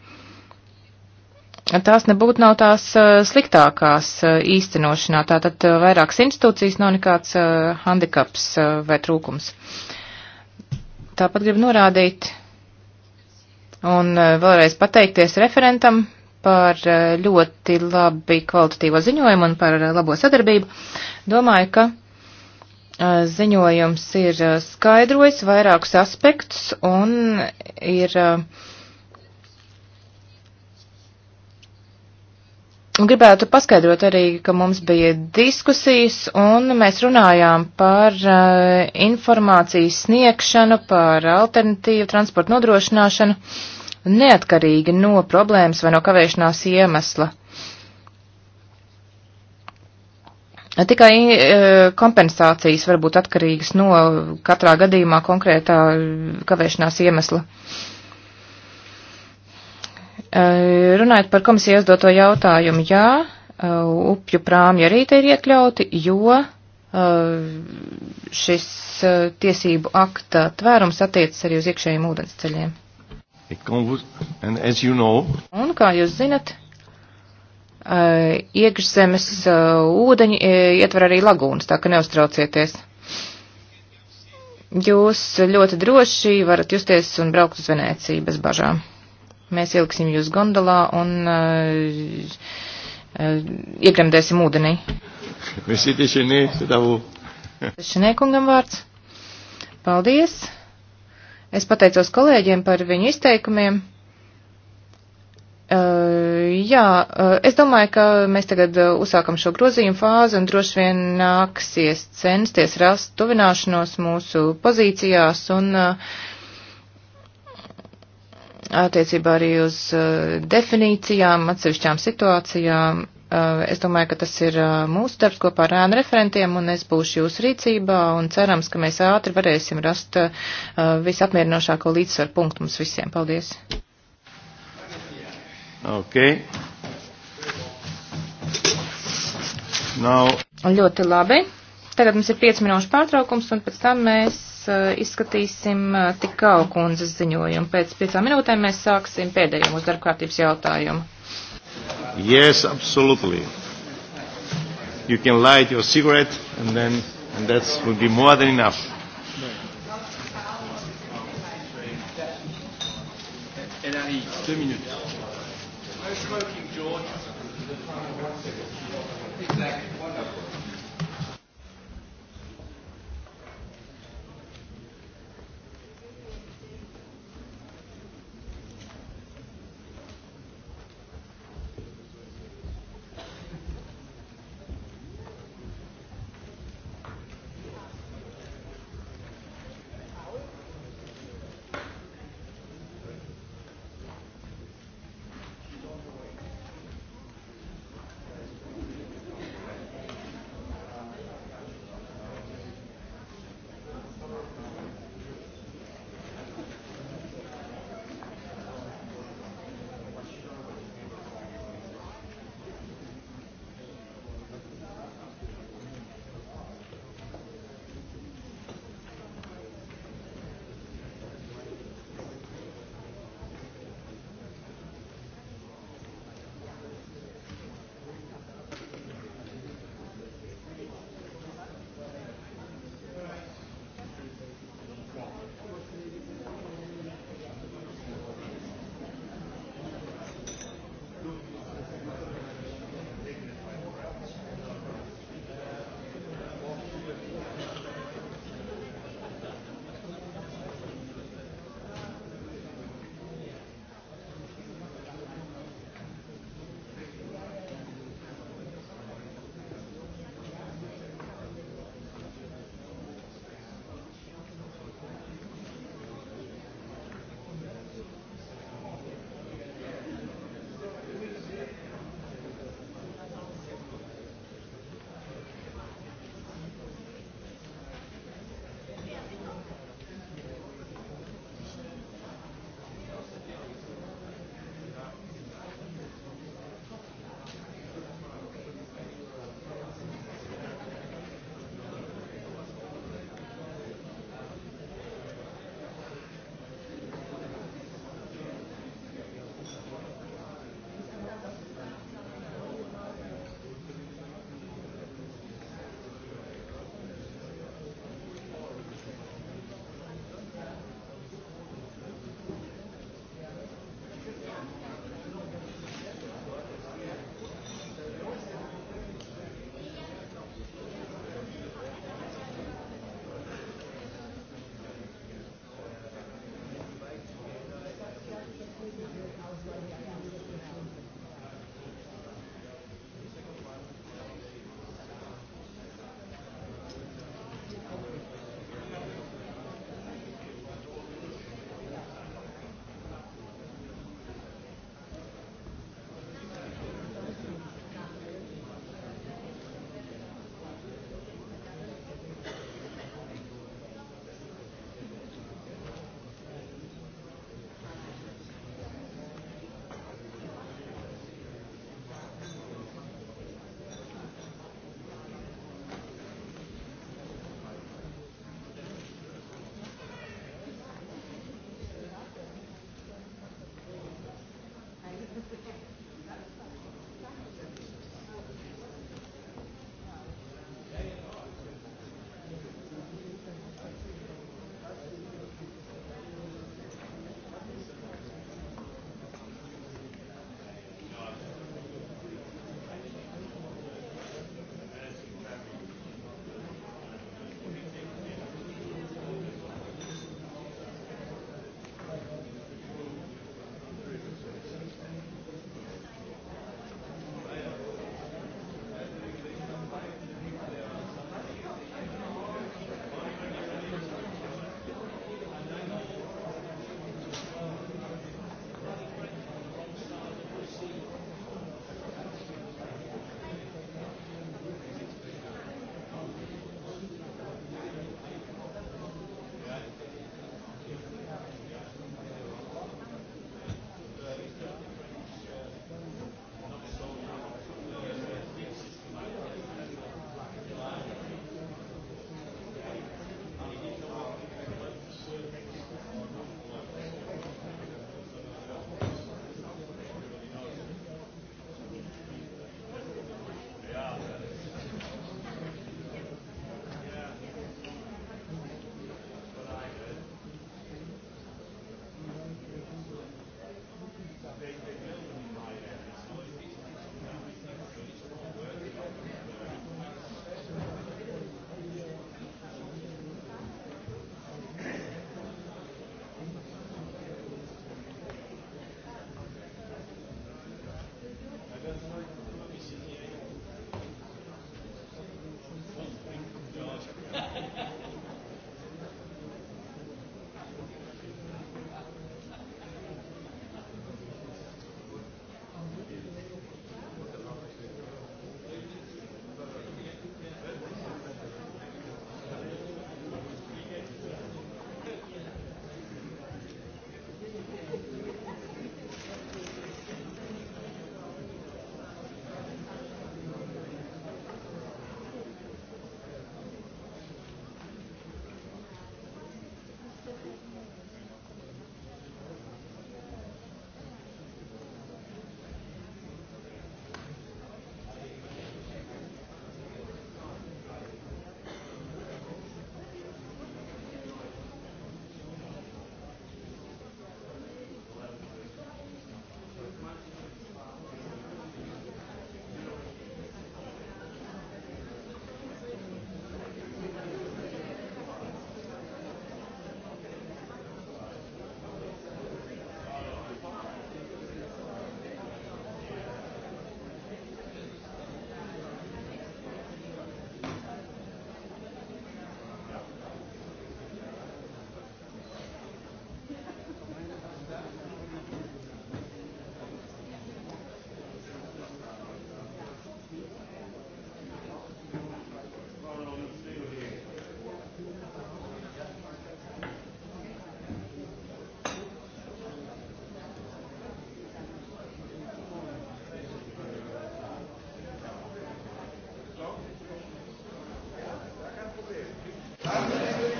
tās nebūtu nav tās sliktākās īstenošanā. Tātad vairākas institūcijas nav nekāds handikaps vai trūkums. Tāpat gribu norādīt Un eh, vēlreiz pateikties referentam par eh, ļoti labi kvalitatīvo ziņojumu un par eh, labo sadarbību. Domāju, ka ziņojums ir skaidrojis vairākus aspektus un ir. Gribētu paskaidrot arī, ka mums bija diskusijas un mēs runājām par informācijas sniegšanu, par alternatīvu transportu nodrošināšanu. Uh, neatkarīgi no problēmas vai no kavēšanās iemesla. Tikai e, kompensācijas var būt atkarīgas no katrā gadījumā konkrētā kavēšanās iemesla. E, runājot par komisijas doto jautājumu, jā, e, upju prāmi arī te ir iekļauti, jo šis tiesību akta tvērums attiecas arī uz iekšējiem ūdensceļiem. You know, un, kā jūs zinat, eh, iekšzemes eh, ūdeņi eh, ietver arī lagūnas, tā ka neuztraucieties. Jūs ļoti droši varat justies un braukt uz Venēciju bez bažām. Mēs ieliksim jūs gondolā un uh, uh, iegremdēsim ūdenī. Mēs ietīšanī, tad avu. Šanē kungam vārds. Paldies. Es pateicos kolēģiem par viņu izteikumiem. Uh, jā, uh, es domāju, ka mēs tagad uh, uzsākam šo grozījumu fāzi un droši vien nāksies censties rast tuvināšanos mūsu pozīcijās un uh, attiecībā arī uz uh, definīcijām, atsevišķām situācijām. Eh, es domāju, ka tas ir eh, mūsu darbs kopā ar ēnu referentiem, un es būšu jūsu rīcībā, un cerams, ka mēs ātri varēsim rast eh, visapmierinošāko līdzsvaru punktu mums visiem. Paldies! Okay. Now. Ļoti labi. Tagad mums ir 5 minūšu pārtraukums, un pēc tam mēs izskatīsim tikau kundzes ziņojumu. Pēc 5 minūtēm mēs sāksim pēdējo mūsu darbkārtības jautājumu. Yes, absolutely. You can light your cigarette and then and that will be more than enough. Elle arrive, deux minutes. No smoking, George. Exactly.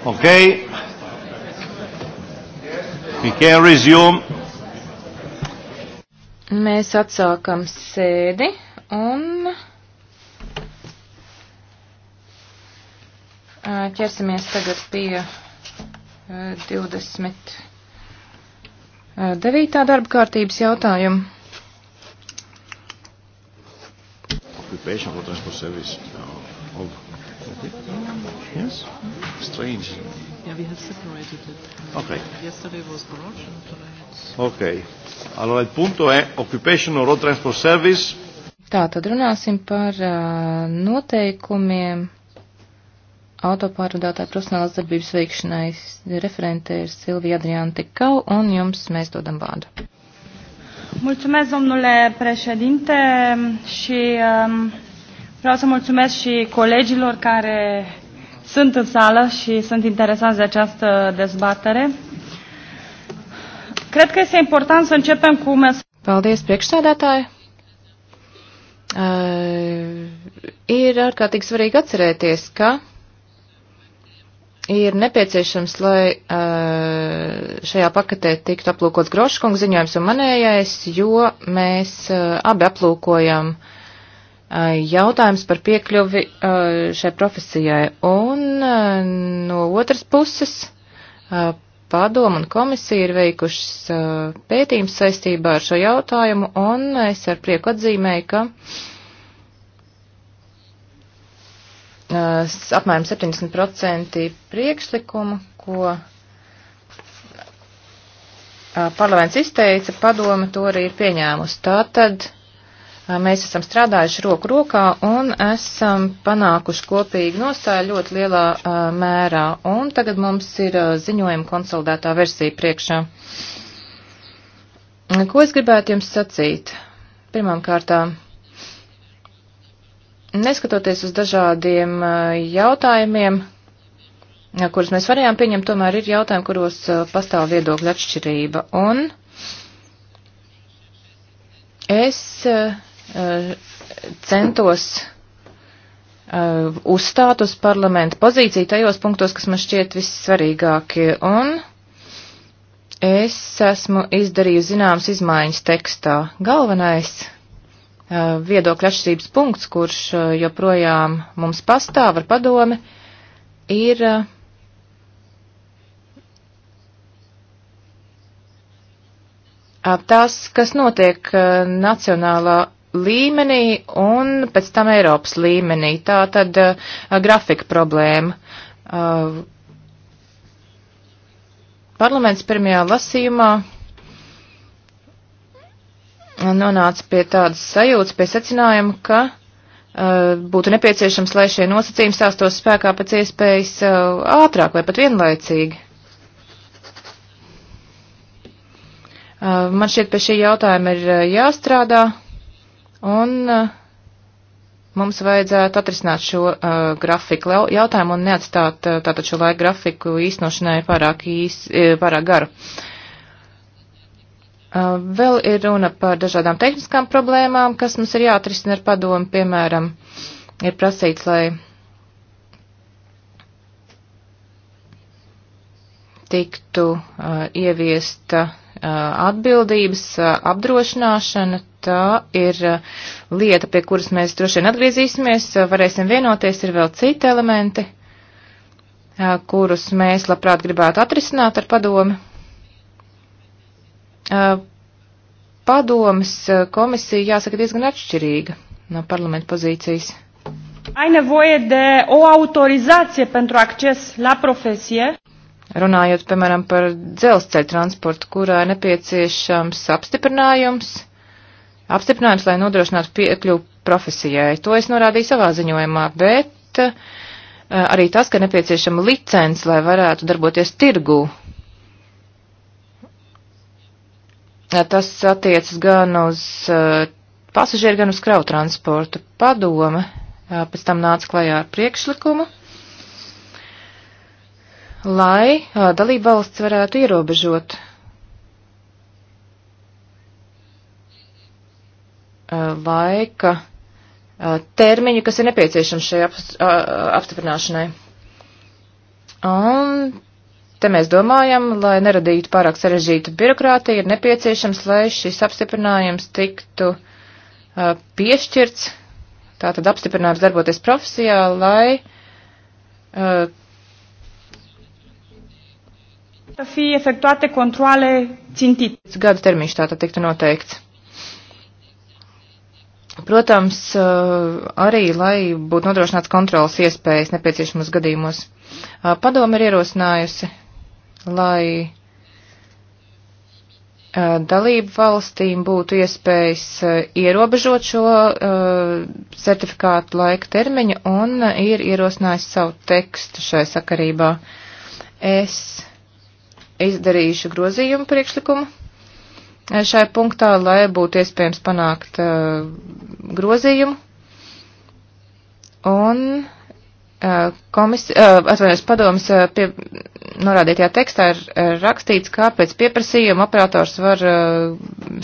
Okay. We can resume. Mēs atsākam sēdi un ķersimies tagad pie 29. darba kārtības jautājuma. Occupation, what transport service. Yes? Strange. Yeah, we have separated it. Okay. Yesterday was Garage and today Okay. Allora il punto è Occupational Road Transport Service. Tā, tad runāsim par uh, noteikumiem autopārvadātāju profesionālās darbības veikšanai. Referente ir Silvija Adriāna Tikau un jums mēs dodam vārdu. Mulțumesc, domnule președinte, și um, vreau să mulțumesc și colegilor care sunt în sală și sunt interesați de această dezbatere. Cred că este important să începem cu mesaj. Paldies, priekšsēdētāji! Uh, ir ārkārtīgi svarīgi atcerēties, ka ir nepieciešams, lai uh, šajā paketē tiktu aplūkots Groškungs ziņojums un manējais, jo mēs uh, abi aplūkojam uh, Eh, jautājums par piekļuvi eh, šai profesijai. Un eh, no otras puses padomu un komisija ir veikušas pētījums saistībā ar šo jautājumu, un es ar prieku atzīmēju, ka apmēram 70% priekšlikumu, ko parlaments izteica, padoma to arī ir pieņēmusi. Tātad Mēs esam strādājuši roku rokā un esam panākuši kopīgu nostāju ļoti lielā uh, mērā. Un tagad mums ir uh, ziņojuma konsolidētā versija priekšā. Ko es gribētu jums sacīt? Pirmām kārtām, neskatoties uz dažādiem uh, jautājumiem, kurus mēs varējām pieņemt, tomēr ir jautājumi, kuros pastāv viedokļa atšķirība. Un es Eh, centos eh, uzstāt uz parlamenta pozīciju tajos punktos, kas man šķiet vissvarīgākie. Un es esmu izdarījusi zināmas izmaiņas tekstā. Galvenais eh, viedokļa atšķirības punkts, kurš joprojām mums pastāv ar padomi, ir tās, kas notiek nacionālā līmenī un pēc tam Eiropas līmenī. Tā tad uh, grafika problēma. Uh, parlaments pirmajā lasījumā nonāca pie tādas sajūtas, pie secinājuma, ka uh, būtu nepieciešams, lai šie nosacījumi stāstos spēkā pēc iespējas uh, ātrāk vai pat vienlaicīgi. Uh, man šķiet, pie šī jautājuma ir jāstrādā. Un eh, mums vajadzētu atrisināt šo uh, grafiku jautājumu un neatstāt uh, tātad šo laiku grafiku īstenošanai pārāk, īs, pārāk garu. Uh, vēl ir runa par dažādām tehniskām problēmām, kas mums ir jāatrisina ar padomu, piemēram, ir prasīts, lai tiktu uh, ieviesta Uh, atbildības uh, apdrošināšana, tā ir uh, lieta, pie kuras mēs droši vien atgriezīsimies, varēsim vienoties, ir vēl citi elementi, kurus mēs labprāt gribētu atrisināt ar padomi. Padomas komisija, jāsaka, diezgan atšķirīga no parlamenta pozīcijas. Ai nevoie de o autorizācija pentru acces la profesie runājot, piemēram, par dzelzceļa transportu, kurā ir nepieciešams apstiprinājums, apstiprinājums, lai nodrošinātu piekļuvu profesijai. To es norādīju savā ziņojumā, bet eh, arī tas, ka nepieciešama licence, lai varētu darboties tirgū. Tas attiecas gan uz eh, pasažieru, gan uz krautransportu. Padome eh, pēc tam nāca klajā ar priekšlikumu lai dalībvalsts varētu ierobežot laika termiņu, kas ir nepieciešams šai apstiprināšanai. Un te mēs domājam, lai neradītu pārāk sarežģītu birokrātiju, ir nepieciešams, lai šis apstiprinājums tiktu piešķirts, tātad apstiprinājums darboties profesijā, lai Fie efectuate controle țintite. Gadu termiņš tātad tiktu noteikts. Protams, arī, lai būtu nodrošināts kontrolas iespējas nepieciešamos gadījumos. Padoma ir ierosinājusi, lai dalību valstīm būtu iespējas ierobežot šo certifikātu laika termiņu un ir ierosinājusi savu tekstu šai sakarībā. Es izdarījuši grozījumu priekšlikumu eh, šai punktā, lai būtu iespējams panākt uh, grozījumu. Un uh, eh, komisija, uh, atvainojos padomas, uh, pie, norādītajā tekstā ir uh, rakstīts, kā pēc pieprasījuma operators var uh,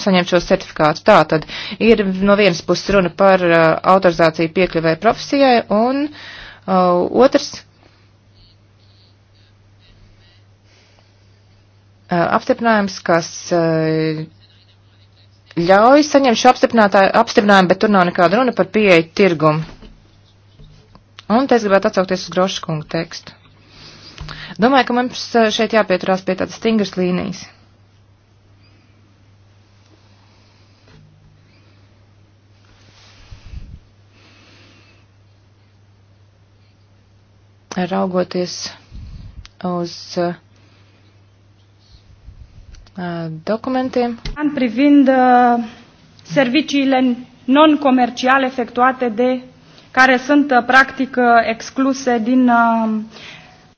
saņemt šo certifikātu. Tā tad ir no vienas puses runa par uh, autorizāciju piekļuvai profesijai, un uh, otrs Eh, apstiprinājums, kas eh, ļauj saņemt šo apstiprinājumu, bet tur nav nekāda runa par pieeju tirgumu. Un te es gribētu atsaukties uz Grošu kungu tekstu. Domāju, ka mums eh, šeit jāpieturās pie tādas stingras līnijas. Raugoties uz uh, Uh, documentiem. An privind uh, serviciile non-comerciale efectuate de care sunt uh, practic excluse din.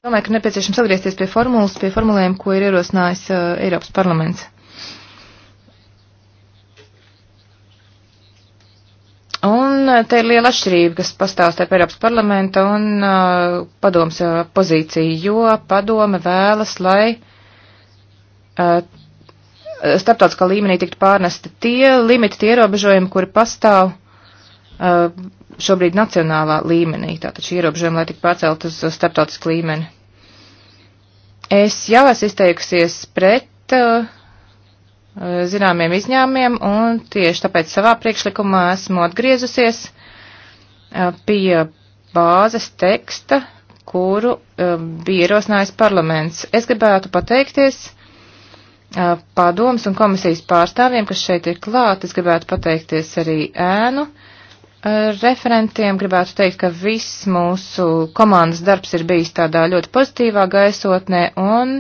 Domāju, ka nepieciešams atgriezties pie formulas, pie formulējuma, ko ir ierosinājis Eiropas parlaments. Un te ir liela atšķirība, kas pastāv starp Eiropas parlamenta un uh, padomas pozīciju, jo padome vēlas, lai uh, Eh, starptautiskā līmenī tikt pārnesti tie limiti, tie ierobežojumi, kuri pastāv eh, šobrīd nacionālā līmenī, tātad šī ierobežojuma, lai tik pārcelt uz starptautisku līmeni. Es jau esmu izteikusies pret uh, zināmiem izņēmumiem, un tieši tāpēc savā priekšlikumā esmu atgriezusies uh, pie bāzes teksta, kuru uh, bija ierosinājis parlaments. Es gribētu pateikties padomas un komisijas pārstāvjiem, kas šeit ir klāt. Es gribētu pateikties arī ēnu referentiem. Gribētu teikt, ka viss mūsu komandas darbs ir bijis tādā ļoti pozitīvā gaisotnē un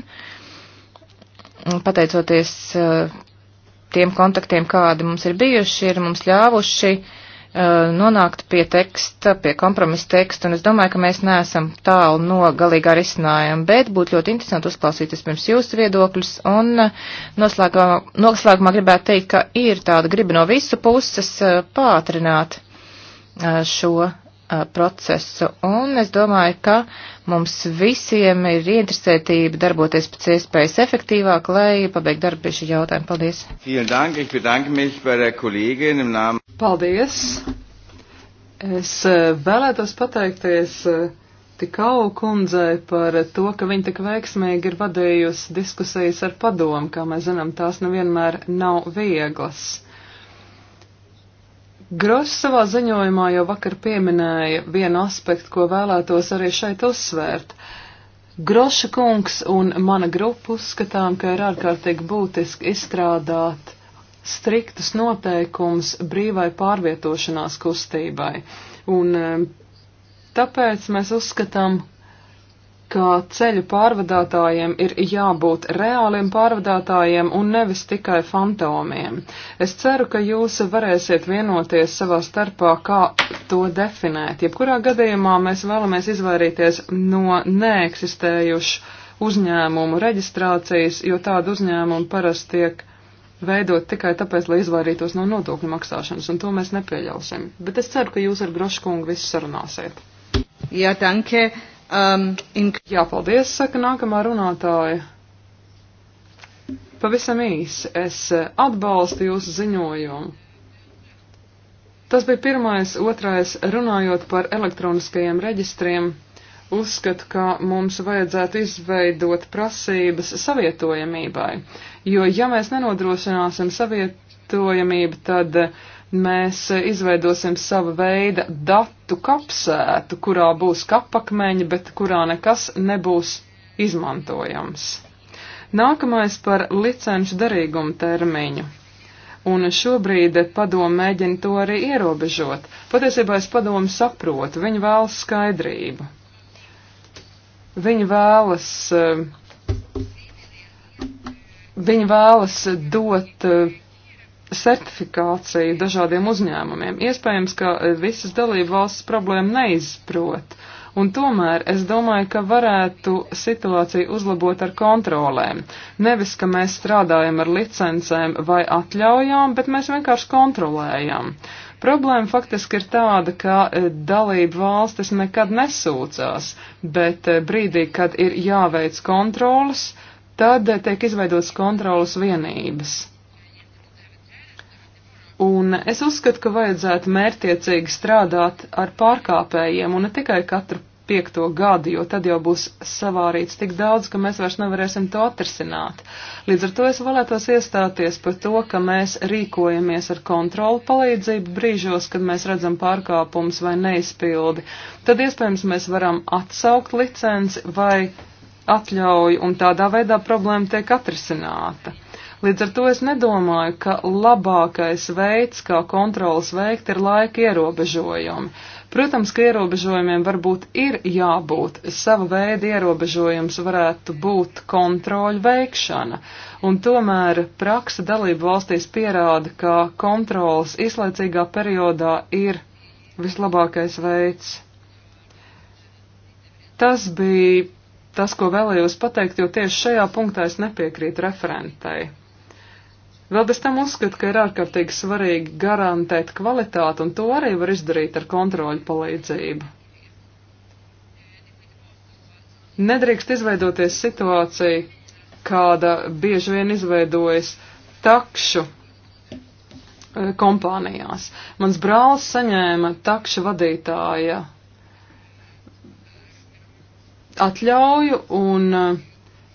pateicoties tiem kontaktiem, kādi mums ir bijuši, ir mums ļāvuši uh, Eh, nonākt pie teksta, pie kompromisa teksta, un es domāju, ka mēs neesam tālu no galīgā risinājuma, bet būtu ļoti interesanti uzklausīties pirms jūsu viedokļus, un eh, noslēgumā, noslēgumā gribētu teikt, ka ir tāda griba no visu puses eh, pātrināt šo procesu, un es domāju, ka mums visiem ir interesētība darboties pēc iespējas efektīvāk, lai pabeigtu darbu pie šī jautājuma. Paldies! Paldies! Es e, vēlētos pateikties e, Tikau kundzei par to, ka viņa tik veiksmīgi ir vadījusi diskusijas ar padomu, kā mēs zinām, tās nevienmēr nav vieglas. Gross savā ziņojumā jau vakar pieminēja vienu aspektu, ko vēlētos arī šeit uzsvērt. Groša kungs un mana grupa uzskatām, ka ir ārkārtīgi būtiski izstrādāt striktus noteikumus brīvai pārvietošanās kustībai. Un eh, tāpēc mēs uzskatām, ka ceļu pārvadātājiem ir jābūt reāliem pārvadātājiem un nevis tikai fantomiem. Es ceru, ka jūs varēsiet vienoties savā starpā, kā to definēt. Jebkurā gadījumā mēs vēlamies izvairīties no neeksistējušu uzņēmumu reģistrācijas, jo tādu uzņēmumu parasti tiek veidot tikai tāpēc, lai izvairītos no nodokļu maksāšanas, un to mēs nepieļausim. Bet es ceru, ka jūs ar Groškungu visu sarunāsiet. Jā, ja, danke. Um, in... Jā, paldies, saka nākamā runātāja. Pavisam īsi, es eh, atbalstu jūsu ziņojumu. Tas bija pirmais, otrais, runājot par elektroniskajiem reģistriem. Uzskatu, ka mums vajadzētu izveidot prasības savietojamībai, jo ja mēs nenodrošināsim savietojamību, tad uh, mēs izveidosim savu veidu datu kapsētu, kurā būs kapakmeņi, bet kurā nekas nebūs izmantojams. Nākamais par licenšu derīgumu termiņu. Un šobrīd padomu mēģina to arī ierobežot. Patiesībā es padomu saprotu, viņi vēlas skaidrību. Viņi vēlas, eh, viņi vēlas dot eh, certifikāciju dažādiem uzņēmumiem. Iespējams, ka visas dalību valsts problēmu neizprot. Un tomēr es domāju, ka varētu situāciju uzlabot ar kontrolēm. Nevis, ka mēs strādājam ar licencēm vai atļaujām, bet mēs vienkārši kontrolējam. Problēma faktiski ir tāda, ka e, dalību valstis nekad nesūcās, bet e, brīdī, kad ir jāveic kontrolas, tad e, tiek izveidotas kontrolas vienības. Es uzskatu, ka vajadzētu mērtiecīgi strādāt ar pārkāpējiem un ne tikai katru piekto gadu, jo tad jau būs savārīts tik daudz, ka mēs vairs nevarēsim to atrisināt. Līdz ar to es vēlētos iestāties par to, ka mēs rīkojamies ar kontrolu palīdzību brīžos, kad mēs redzam pārkāpumus vai neizpildi. Tad iespējams mēs varam atsaukt licenci vai atļauju, un tādā veidā problēma tiek atrisināta. Līdz ar to es nedomāju, ka labākais veids, kā kontrolas veikt, ir laika ierobežojumi. Protams, ka ierobežojumiem varbūt ir jābūt. Sava veida ierobežojums varētu būt kontroļu veikšana, un tomēr praksa dalību valstīs pierāda, ka kontrolas izlaicīgā periodā ir vislabākais veids. Tas bija tas, ko vēlējos pateikt, jo tieši šajā punktā es nepiekrītu referentei. Vēl bez tam uzskatu, ka ir ārkārtīgi svarīgi garantēt kvalitāti, un to arī var izdarīt ar kontroļu palīdzību. Nedrīkst izveidoties situācija, kāda bieži vien izveidojas takšu eh, kompānijās. Mans brālis saņēma takšu vadītāja atļauju un uh,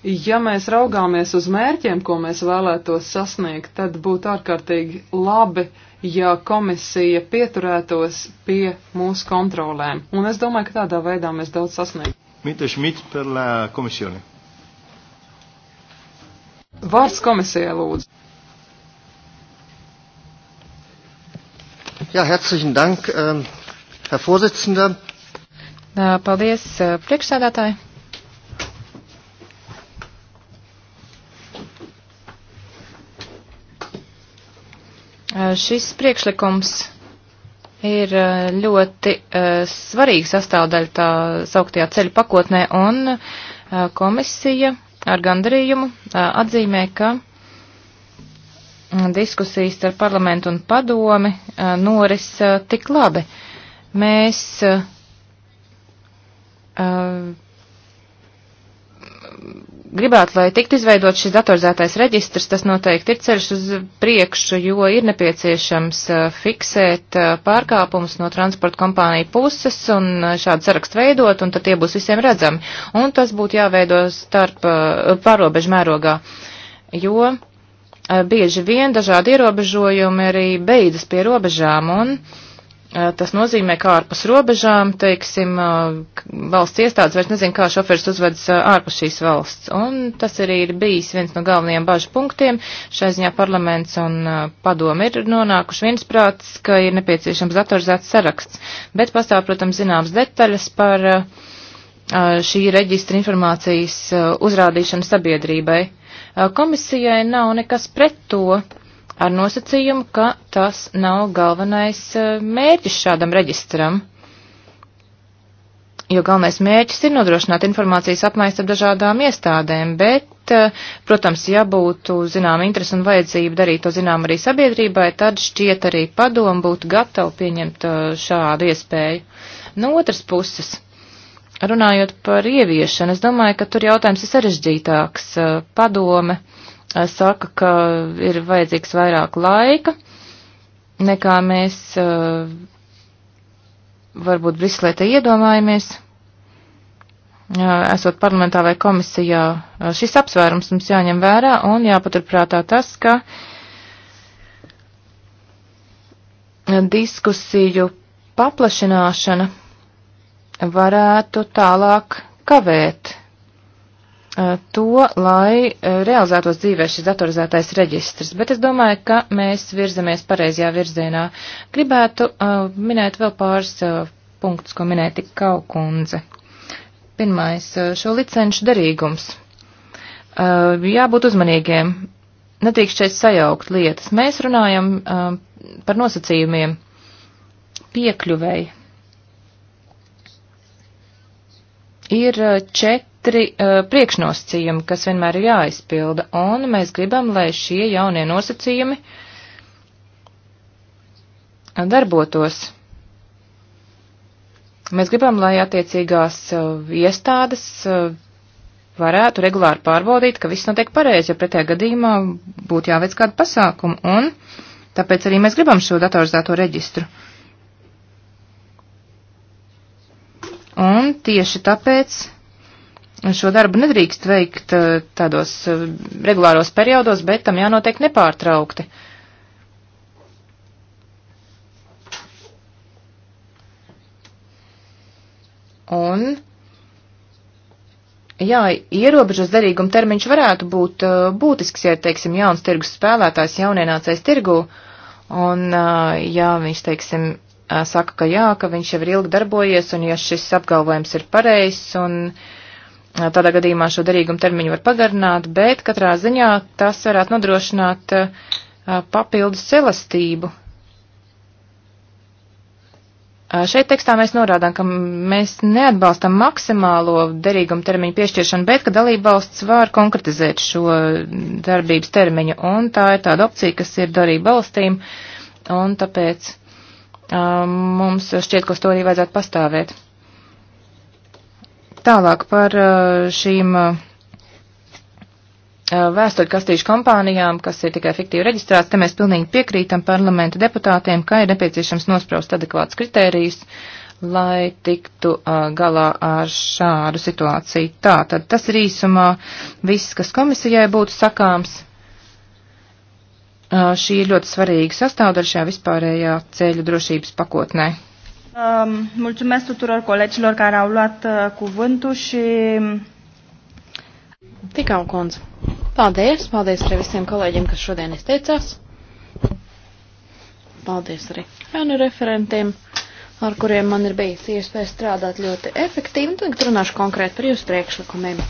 ja mēs raugāmies uz mērķiem, ko mēs vēlētos sasniegt, tad būtu ārkārtīgi labi, ja komisija pieturētos pie mūsu kontrolēm. Un es domāju, ka tādā veidā mēs daudz sasniegtu. Mita Šmit par la komisione. Vārds komisijai lūdzu. Jā, ja, herzlichen Dank, um, Herr Vorsitzender. Paldies, äh, priekšsēdētāji. Eh, šis priekšlikums ir eh, ļoti eh, svarīga sastāvdaļa tā sauktajā ceļu pakotnē, un komisija ar gandarījumu atzīmē, ka mm, diskusijas ar parlamentu un padomi noris tik labi. Mēs gribētu, lai tiktu izveidot šis datorizētais reģistrs, tas noteikti ir ceļš uz priekšu, jo ir nepieciešams uh, fiksēt uh, pārkāpumus no transporta kompāniju puses un uh, šādu sarakstu veidot, un tad tie būs visiem redzami. Un tas būtu jāveido starp pārobežu mērogā, jo bieži vien dažādi ierobežojumi arī beidzas pie robežām, un Eh, tas nozīmē, ka ārpus robežām, teiksim, eh, valsts iestādes vairs nezin, kā šoferis uzvedas eh, ārpus šīs valsts. Un tas arī ir bijis viens no galvenajiem bažu punktiem. Šai ziņā parlaments un padomi ir nonākuši viensprāts, ka ir nepieciešams datorizēts saraksts. Bet pastāv, protams, zināms detaļas par šī reģistra informācijas uzrādīšanu sabiedrībai. Komisijai nav nekas pret to ar nosacījumu, ka tas nav galvenais eh, mērķis šādam reģistram. Jo galvenais mērķis ir nodrošināt informācijas apmaiņas ar dažādām iestādēm, bet, eh, protams, ja būtu zinām interesi un vajadzība darīt to zinām arī sabiedrībai, tad šķiet arī padomu būtu gatavi pieņemt eh, šādu iespēju. No otras puses. Runājot par ieviešanu, es domāju, ka tur jautājums ir sarežģītāks. Padome uh, saka, ka ir vajadzīgs vairāk laika, nekā mēs varbūt Briselē te iedomājamies. Esot parlamentā vai komisijā, šis apsvērums mums jāņem vērā un jāpaturprātā tas, ka diskusiju paplašināšana varētu tālāk kavēt Eh, to, lai eh, realizētos dzīvē šis datorizētais reģistrs, bet es domāju, ka mēs virzamies pareizajā virzienā. Gribētu uh, minēt vēl pāris uh, punktus, ko minēja tik kaukundze. Pirmais, uh, šo licenšu derīgums. Uh, jābūt uzmanīgiem. Netīkst šeit sajaukt lietas. Mēs runājam uh, par nosacījumiem piekļuvēji. Ir ček četri uh, priekšnosacījumi, kas vienmēr ir jāizpilda, un mēs gribam, lai šie jaunie nosacījumi darbotos. Mēs gribam, lai attiecīgās uh, iestādes uh, varētu regulāri pārbaudīt, ka viss notiek pareizi, jo pretējā gadījumā būtu jāveic kādu pasākumu, un tāpēc arī mēs gribam šo datorizēto reģistru. Un tieši tāpēc Šo darbu nedrīkst veikt eh, tādos eh, regulāros periodos, bet tam jānotiek nepārtraukti. Un, jā, ierobežas derīguma termiņš varētu būt eh, būtisks, ja, teiksim, jauns tirgus spēlētājs jaunienācais tirgu, un, jā, viņš, teiksim, saka, ka jā, ka viņš jau ir ilgi darbojies, un ja šis apgalvojums ir pareizs, un, uh, Tādā gadījumā šo derīgumu termiņu var pagarināt, bet katrā ziņā tas varētu nodrošināt uh, papildus celastību. Uh, šeit tekstā mēs norādām, ka mēs neatbalstam maksimālo derīgumu termiņu piešķiršanu, bet ka dalībvalsts var konkretizēt šo darbības termiņu, un tā ir tāda opcija, kas ir darība valstīm, un tāpēc um, mums šķiet, ka uz to arī vajadzētu pastāvēt. Tālāk par uh, šīm uh, uh, vēstuļkastīšu kompānijām, kas ir tikai fiktīvi reģistrētas, te mēs pilnīgi piekrītam parlamenta deputātiem, ka ir nepieciešams nospraust adekvātus kritērijus, lai tiktu uh, galā ar šādu situāciju. Tā, tad tas ir īsumā viss, kas komisijai būtu sakāms. Uh, šī ir ļoti svarīga sastāvdaļa šajā vispārējā ceļu drošības pakotnē. Um, mulțumesc tuturor colegilor care au luat uh, cuvântul și... Um, Tikau kundze. Paldies, paldies arī visiem kolēģiem, kas šodien izteicās. Paldies arī ēnu referentiem, ar kuriem man ir bijis iespēja strādāt ļoti efektīvi. Tagad runāšu konkrēti par jūsu priekšlikumiem.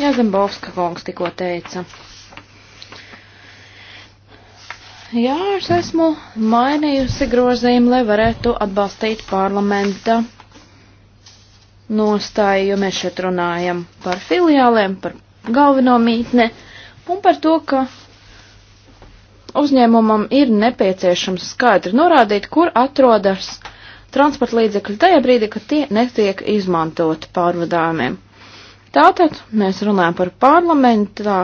Jā, Zembovska kungs tikko teica, Jā, es esmu mainījusi grozījumu, lai varētu atbalstīt parlamenta nostāju, jo mēs šeit runājam par filiālēm, par galveno mītne un par to, ka uzņēmumam ir nepieciešams skaidri norādīt, kur atrodas transporta līdzekļi tajā brīdī, kad tie netiek izmantoti pārvadājumiem. Tātad mēs runājam par parlamentā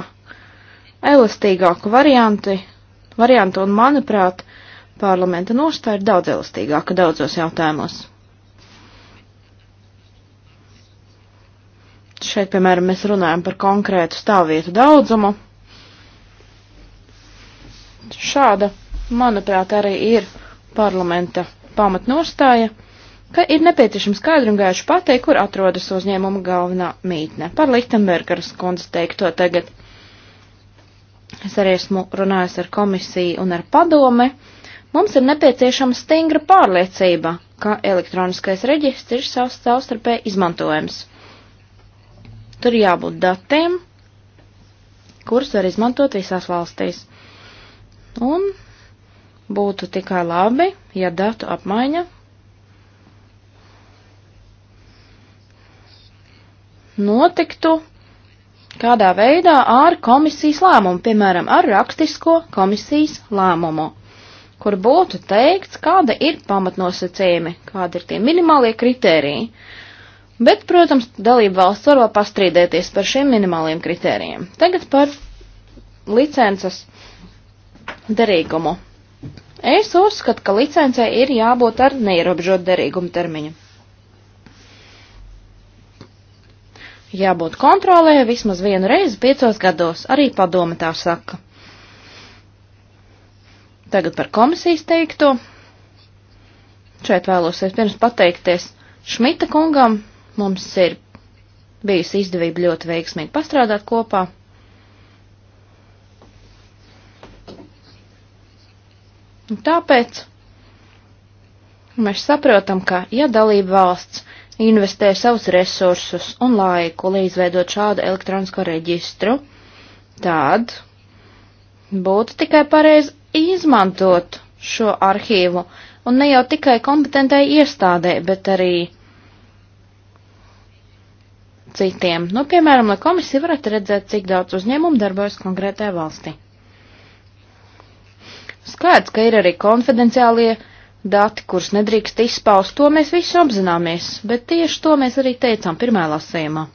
elastīgāku variantu variantu, un, manuprāt, parlamenta nostāja ir daudz elastīgāka daudzos jautājumos. Šeit, piemēram, mēs runājam par konkrētu stāvvietu daudzumu. Šāda, manuprāt, arī ir parlamenta pamatnostāja, ka ir nepieciešams skaidri un gaiši pateikt, kur atrodas uzņēmuma galvenā mītne. Par Lichtenbergeras kundzi teikto tagad es arī esmu runājusi ar komisiju un ar padome, mums ir nepieciešama stingra pārliecība, ka elektroniskais reģistrs ir savs savstarpē izmantojams. Tur jābūt datiem, kurus var izmantot visās valstīs. Un būtu tikai labi, ja datu apmaiņa notiktu kādā veidā ar komisijas lēmumu, piemēram, ar rakstisko komisijas lēmumu, kur būtu teikts, kāda ir pamatnosacījumi, kāda ir tie minimālie kritēriji. Bet, protams, dalība valsts var vēl pastrīdēties par šiem minimāliem kritērijiem. Tagad par licences derīgumu. Es uzskatu, ka licencē ir jābūt ar neierobežotu derīgumu termiņu. jābūt kontrolē vismaz vienu reizi piecos gados, arī padome tā saka. Tagad par komisijas teikto. Šeit vēlos vispirms pateikties Šmita kungam. Mums ir bijusi izdevība ļoti veiksmīgi pastrādāt kopā. Un tāpēc mēs saprotam, ka, ja dalība valsts investē savus resursus un laiku, lai izveidot šādu elektronisko reģistru, tad būtu tikai pareizi izmantot šo arhīvu un ne jau tikai kompetentai iestādē, bet arī citiem. Nu, piemēram, lai komisija varētu redzēt, cik daudz uzņēmumu darbojas konkrētajā valstī. Skaidrs, ka ir arī konfidenciālie dati, kurus nedrīkst izpaust, to mēs visi apzināmies, bet tieši to mēs arī teicām pirmā lasījumā.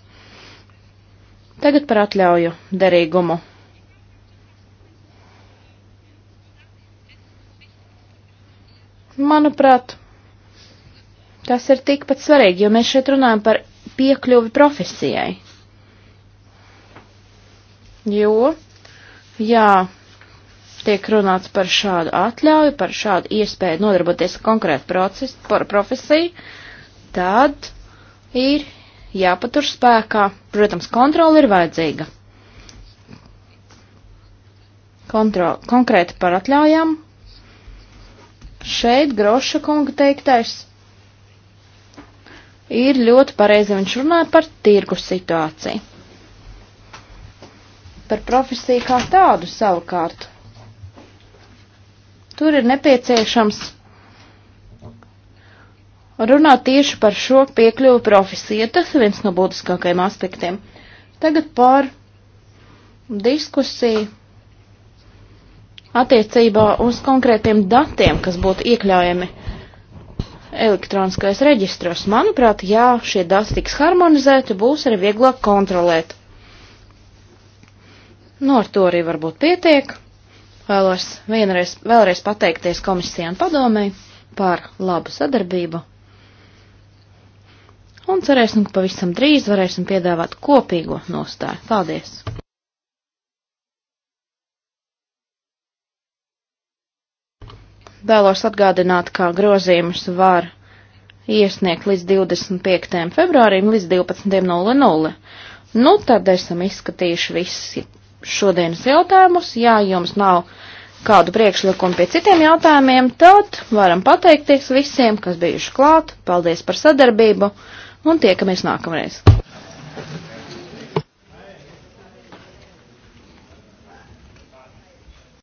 Tagad par atļauju derīgumu. Manuprāt, tas ir tikpat svarīgi, jo mēs šeit runājam par piekļuvi profesijai. Jo, jā, tiek runāts par šādu atļauju, par šādu iespēju nodarboties ar konkrētu procesu, par profesiju, tad ir jāpatur spēkā. Protams, kontrola ir vajadzīga. Kontrola, konkrēti par atļaujām. Šeit Groša kunga teiktais ir ļoti pareizi. Viņš runāja par tirgus situāciju. Par profesiju kā tādu savukārt Tur ir nepieciešams runāt tieši par šo piekļuvu profesiju. Tas ir viens no būtiskākajiem aspektiem. Tagad par diskusiju attiecībā uz konkrētiem datiem, kas būtu iekļaujami elektroniskais reģistros. Manuprāt, jā, šie dati tiks harmonizēti, būs arī vieglāk kontrolēt. Nu, ar to arī varbūt pietiek. Vēlos vienreiz, vēlreiz pateikties komisijām padomēji par labu sadarbību. Un cerēsim, ka pavisam drīz varēsim piedāvāt kopīgo nostāju. Paldies! Vēlos atgādināt, kā grozījumus var iesniegt līdz 25. februārim līdz 12.00. Nu, tad esam izskatījuši visi šodienas jautājumus. Ja jums nav kādu priekšlikumu pie citiem jautājumiem, tad varam pateikties visiem, kas bijuši klāt. Paldies par sadarbību un tiekamies nākamreiz.